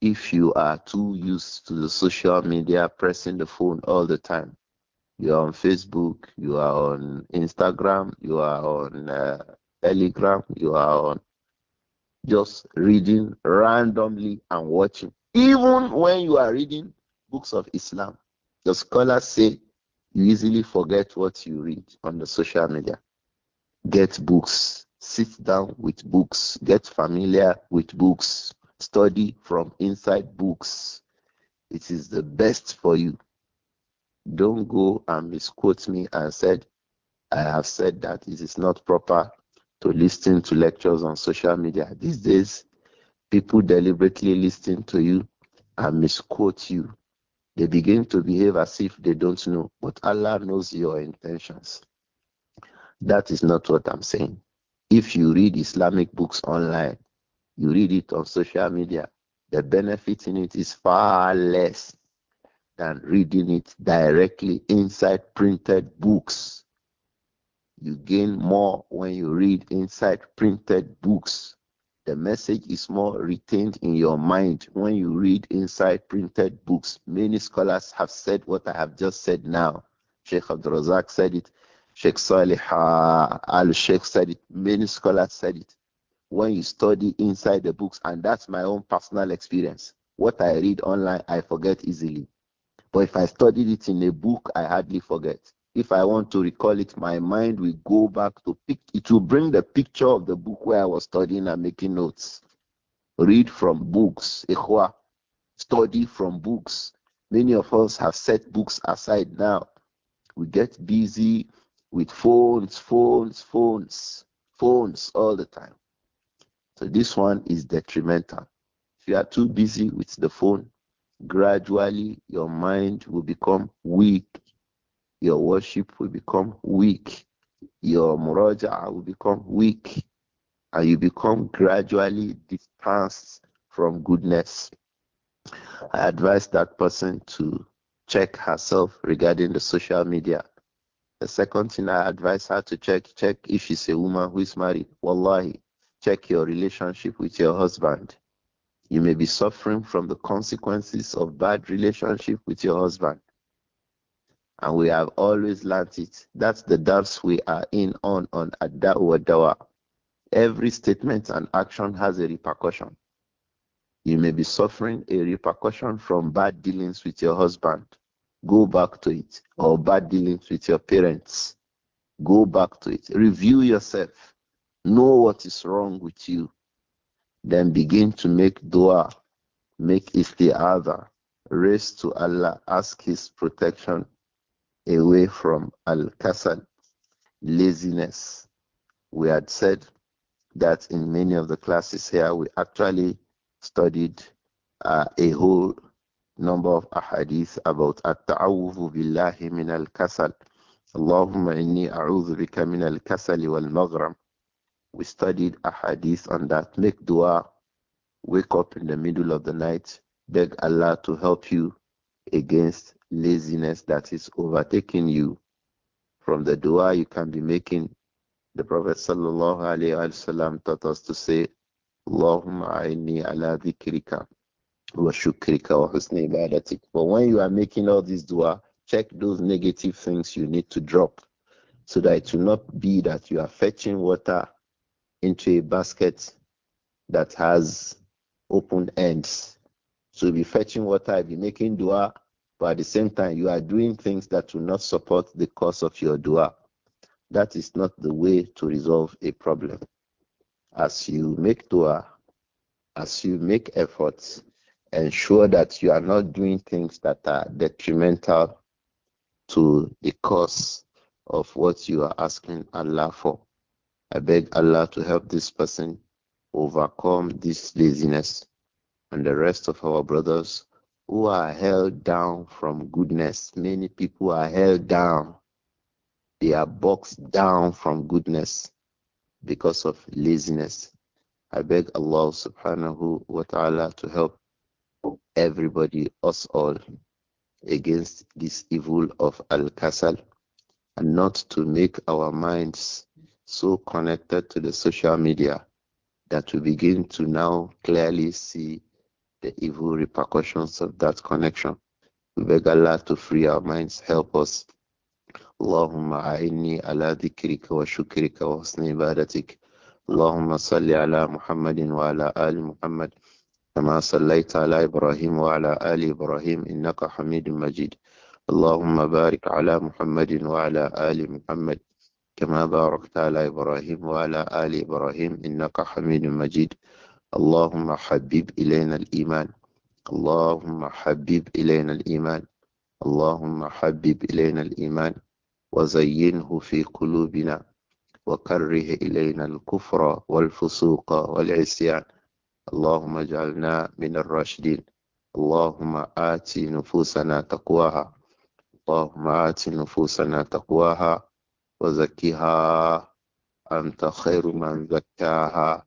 If you are too used to the social media, pressing the phone all the time, you are on Facebook, you are on Instagram, you are on uh, Telegram, you are on just reading randomly and watching. Even when you are reading books of Islam, the scholars say you easily forget what you read on the social media. Get books, sit down with books, get familiar with books, study from inside books. It is the best for you. Don't go and misquote me and said, I have said that it is not proper to listen to lectures on social media. These days, people deliberately listen to you and misquote you. They begin to behave as if they don't know, but Allah knows your intentions. That is not what I'm saying. If you read Islamic books online, you read it on social media, the benefit in it is far less than reading it directly inside printed books. You gain more when you read inside printed books the message is more retained in your mind when you read inside printed books. Many scholars have said what I have just said now. Sheikh Abdul Razak said it. Sheikh Salih uh, Al Sheikh said it. Many scholars said it. When you study inside the books, and that's my own personal experience. What I read online, I forget easily. But if I studied it in a book, I hardly forget if I want to recall it, my mind will go back to pick it will bring the picture of the book where I was studying and making notes. Read from books, Ikhwa. Study from books. Many of us have set books aside now. We get busy with phones, phones, phones, phones all the time. So this one is detrimental. If you are too busy with the phone, gradually your mind will become weak your worship will become weak, your muraja will become weak, and you become gradually distanced from goodness. I advise that person to check herself regarding the social media. The second thing I advise her to check, check if she's a woman who is married. Wallahi, check your relationship with your husband. You may be suffering from the consequences of bad relationship with your husband and we have always learnt it. That's the dars we are in on on ad-da'wa Every statement and action has a repercussion. You may be suffering a repercussion from bad dealings with your husband. Go back to it. Or bad dealings with your parents. Go back to it. Review yourself. Know what is wrong with you. Then begin to make dua, make other. raise to Allah, ask His protection away from al kasal, laziness. We had said that in many of the classes here, we actually studied uh, a whole number of ahadith about at-ta'awudhu billahi min al-kasal. Allahumma inni a'udhu bika min al-kasali wal-maghram. We studied hadith on that. Make dua, wake up in the middle of the night, beg Allah to help you against laziness that is overtaking you from the dua you can be making. The Prophet sallallahu alaihi wasallam taught us to say, Allahumma aini ala dhikrika wa shukrika wa husni ibadatik. But when you are making all this dua, check those negative things you need to drop so that it will not be that you are fetching water into a basket that has open ends. So you'll be fetching water, you'll be making dua, but at the same time, you are doing things that will not support the cause of your dua. That is not the way to resolve a problem. As you make dua, as you make efforts, ensure that you are not doing things that are detrimental to the cause of what you are asking Allah for. I beg Allah to help this person overcome this laziness and the rest of our brothers who are held down from goodness. Many people are held down. They are boxed down from goodness because of laziness. I beg Allah subhanahu wa ta'ala to help everybody, us all, against this evil of Al Kasal and not to make our minds so connected to the social media that we begin to now clearly see the evil repercussions of that connection. We beg Allah to free our minds, help us. اللهم أعني على ذكرك وشكرك وحسن عبادتك اللهم صل على محمد وعلى آل محمد كما صليت على إبراهيم وعلى آل إبراهيم إنك حميد مجيد اللهم بارك على محمد وعلى آل محمد كما باركت على إبراهيم وعلى آل إبراهيم إنك حميد مجيد اللهم حبب إلينا الإيمان اللهم حبب إلينا الإيمان اللهم حبب إلينا الإيمان وزينه في قلوبنا وكره إلينا الكفر والفسوق والعصيان اللهم اجعلنا من الراشدين اللهم آت نفوسنا تقواها اللهم آت نفوسنا تقواها وزكها أنت خير من زكاها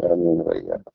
para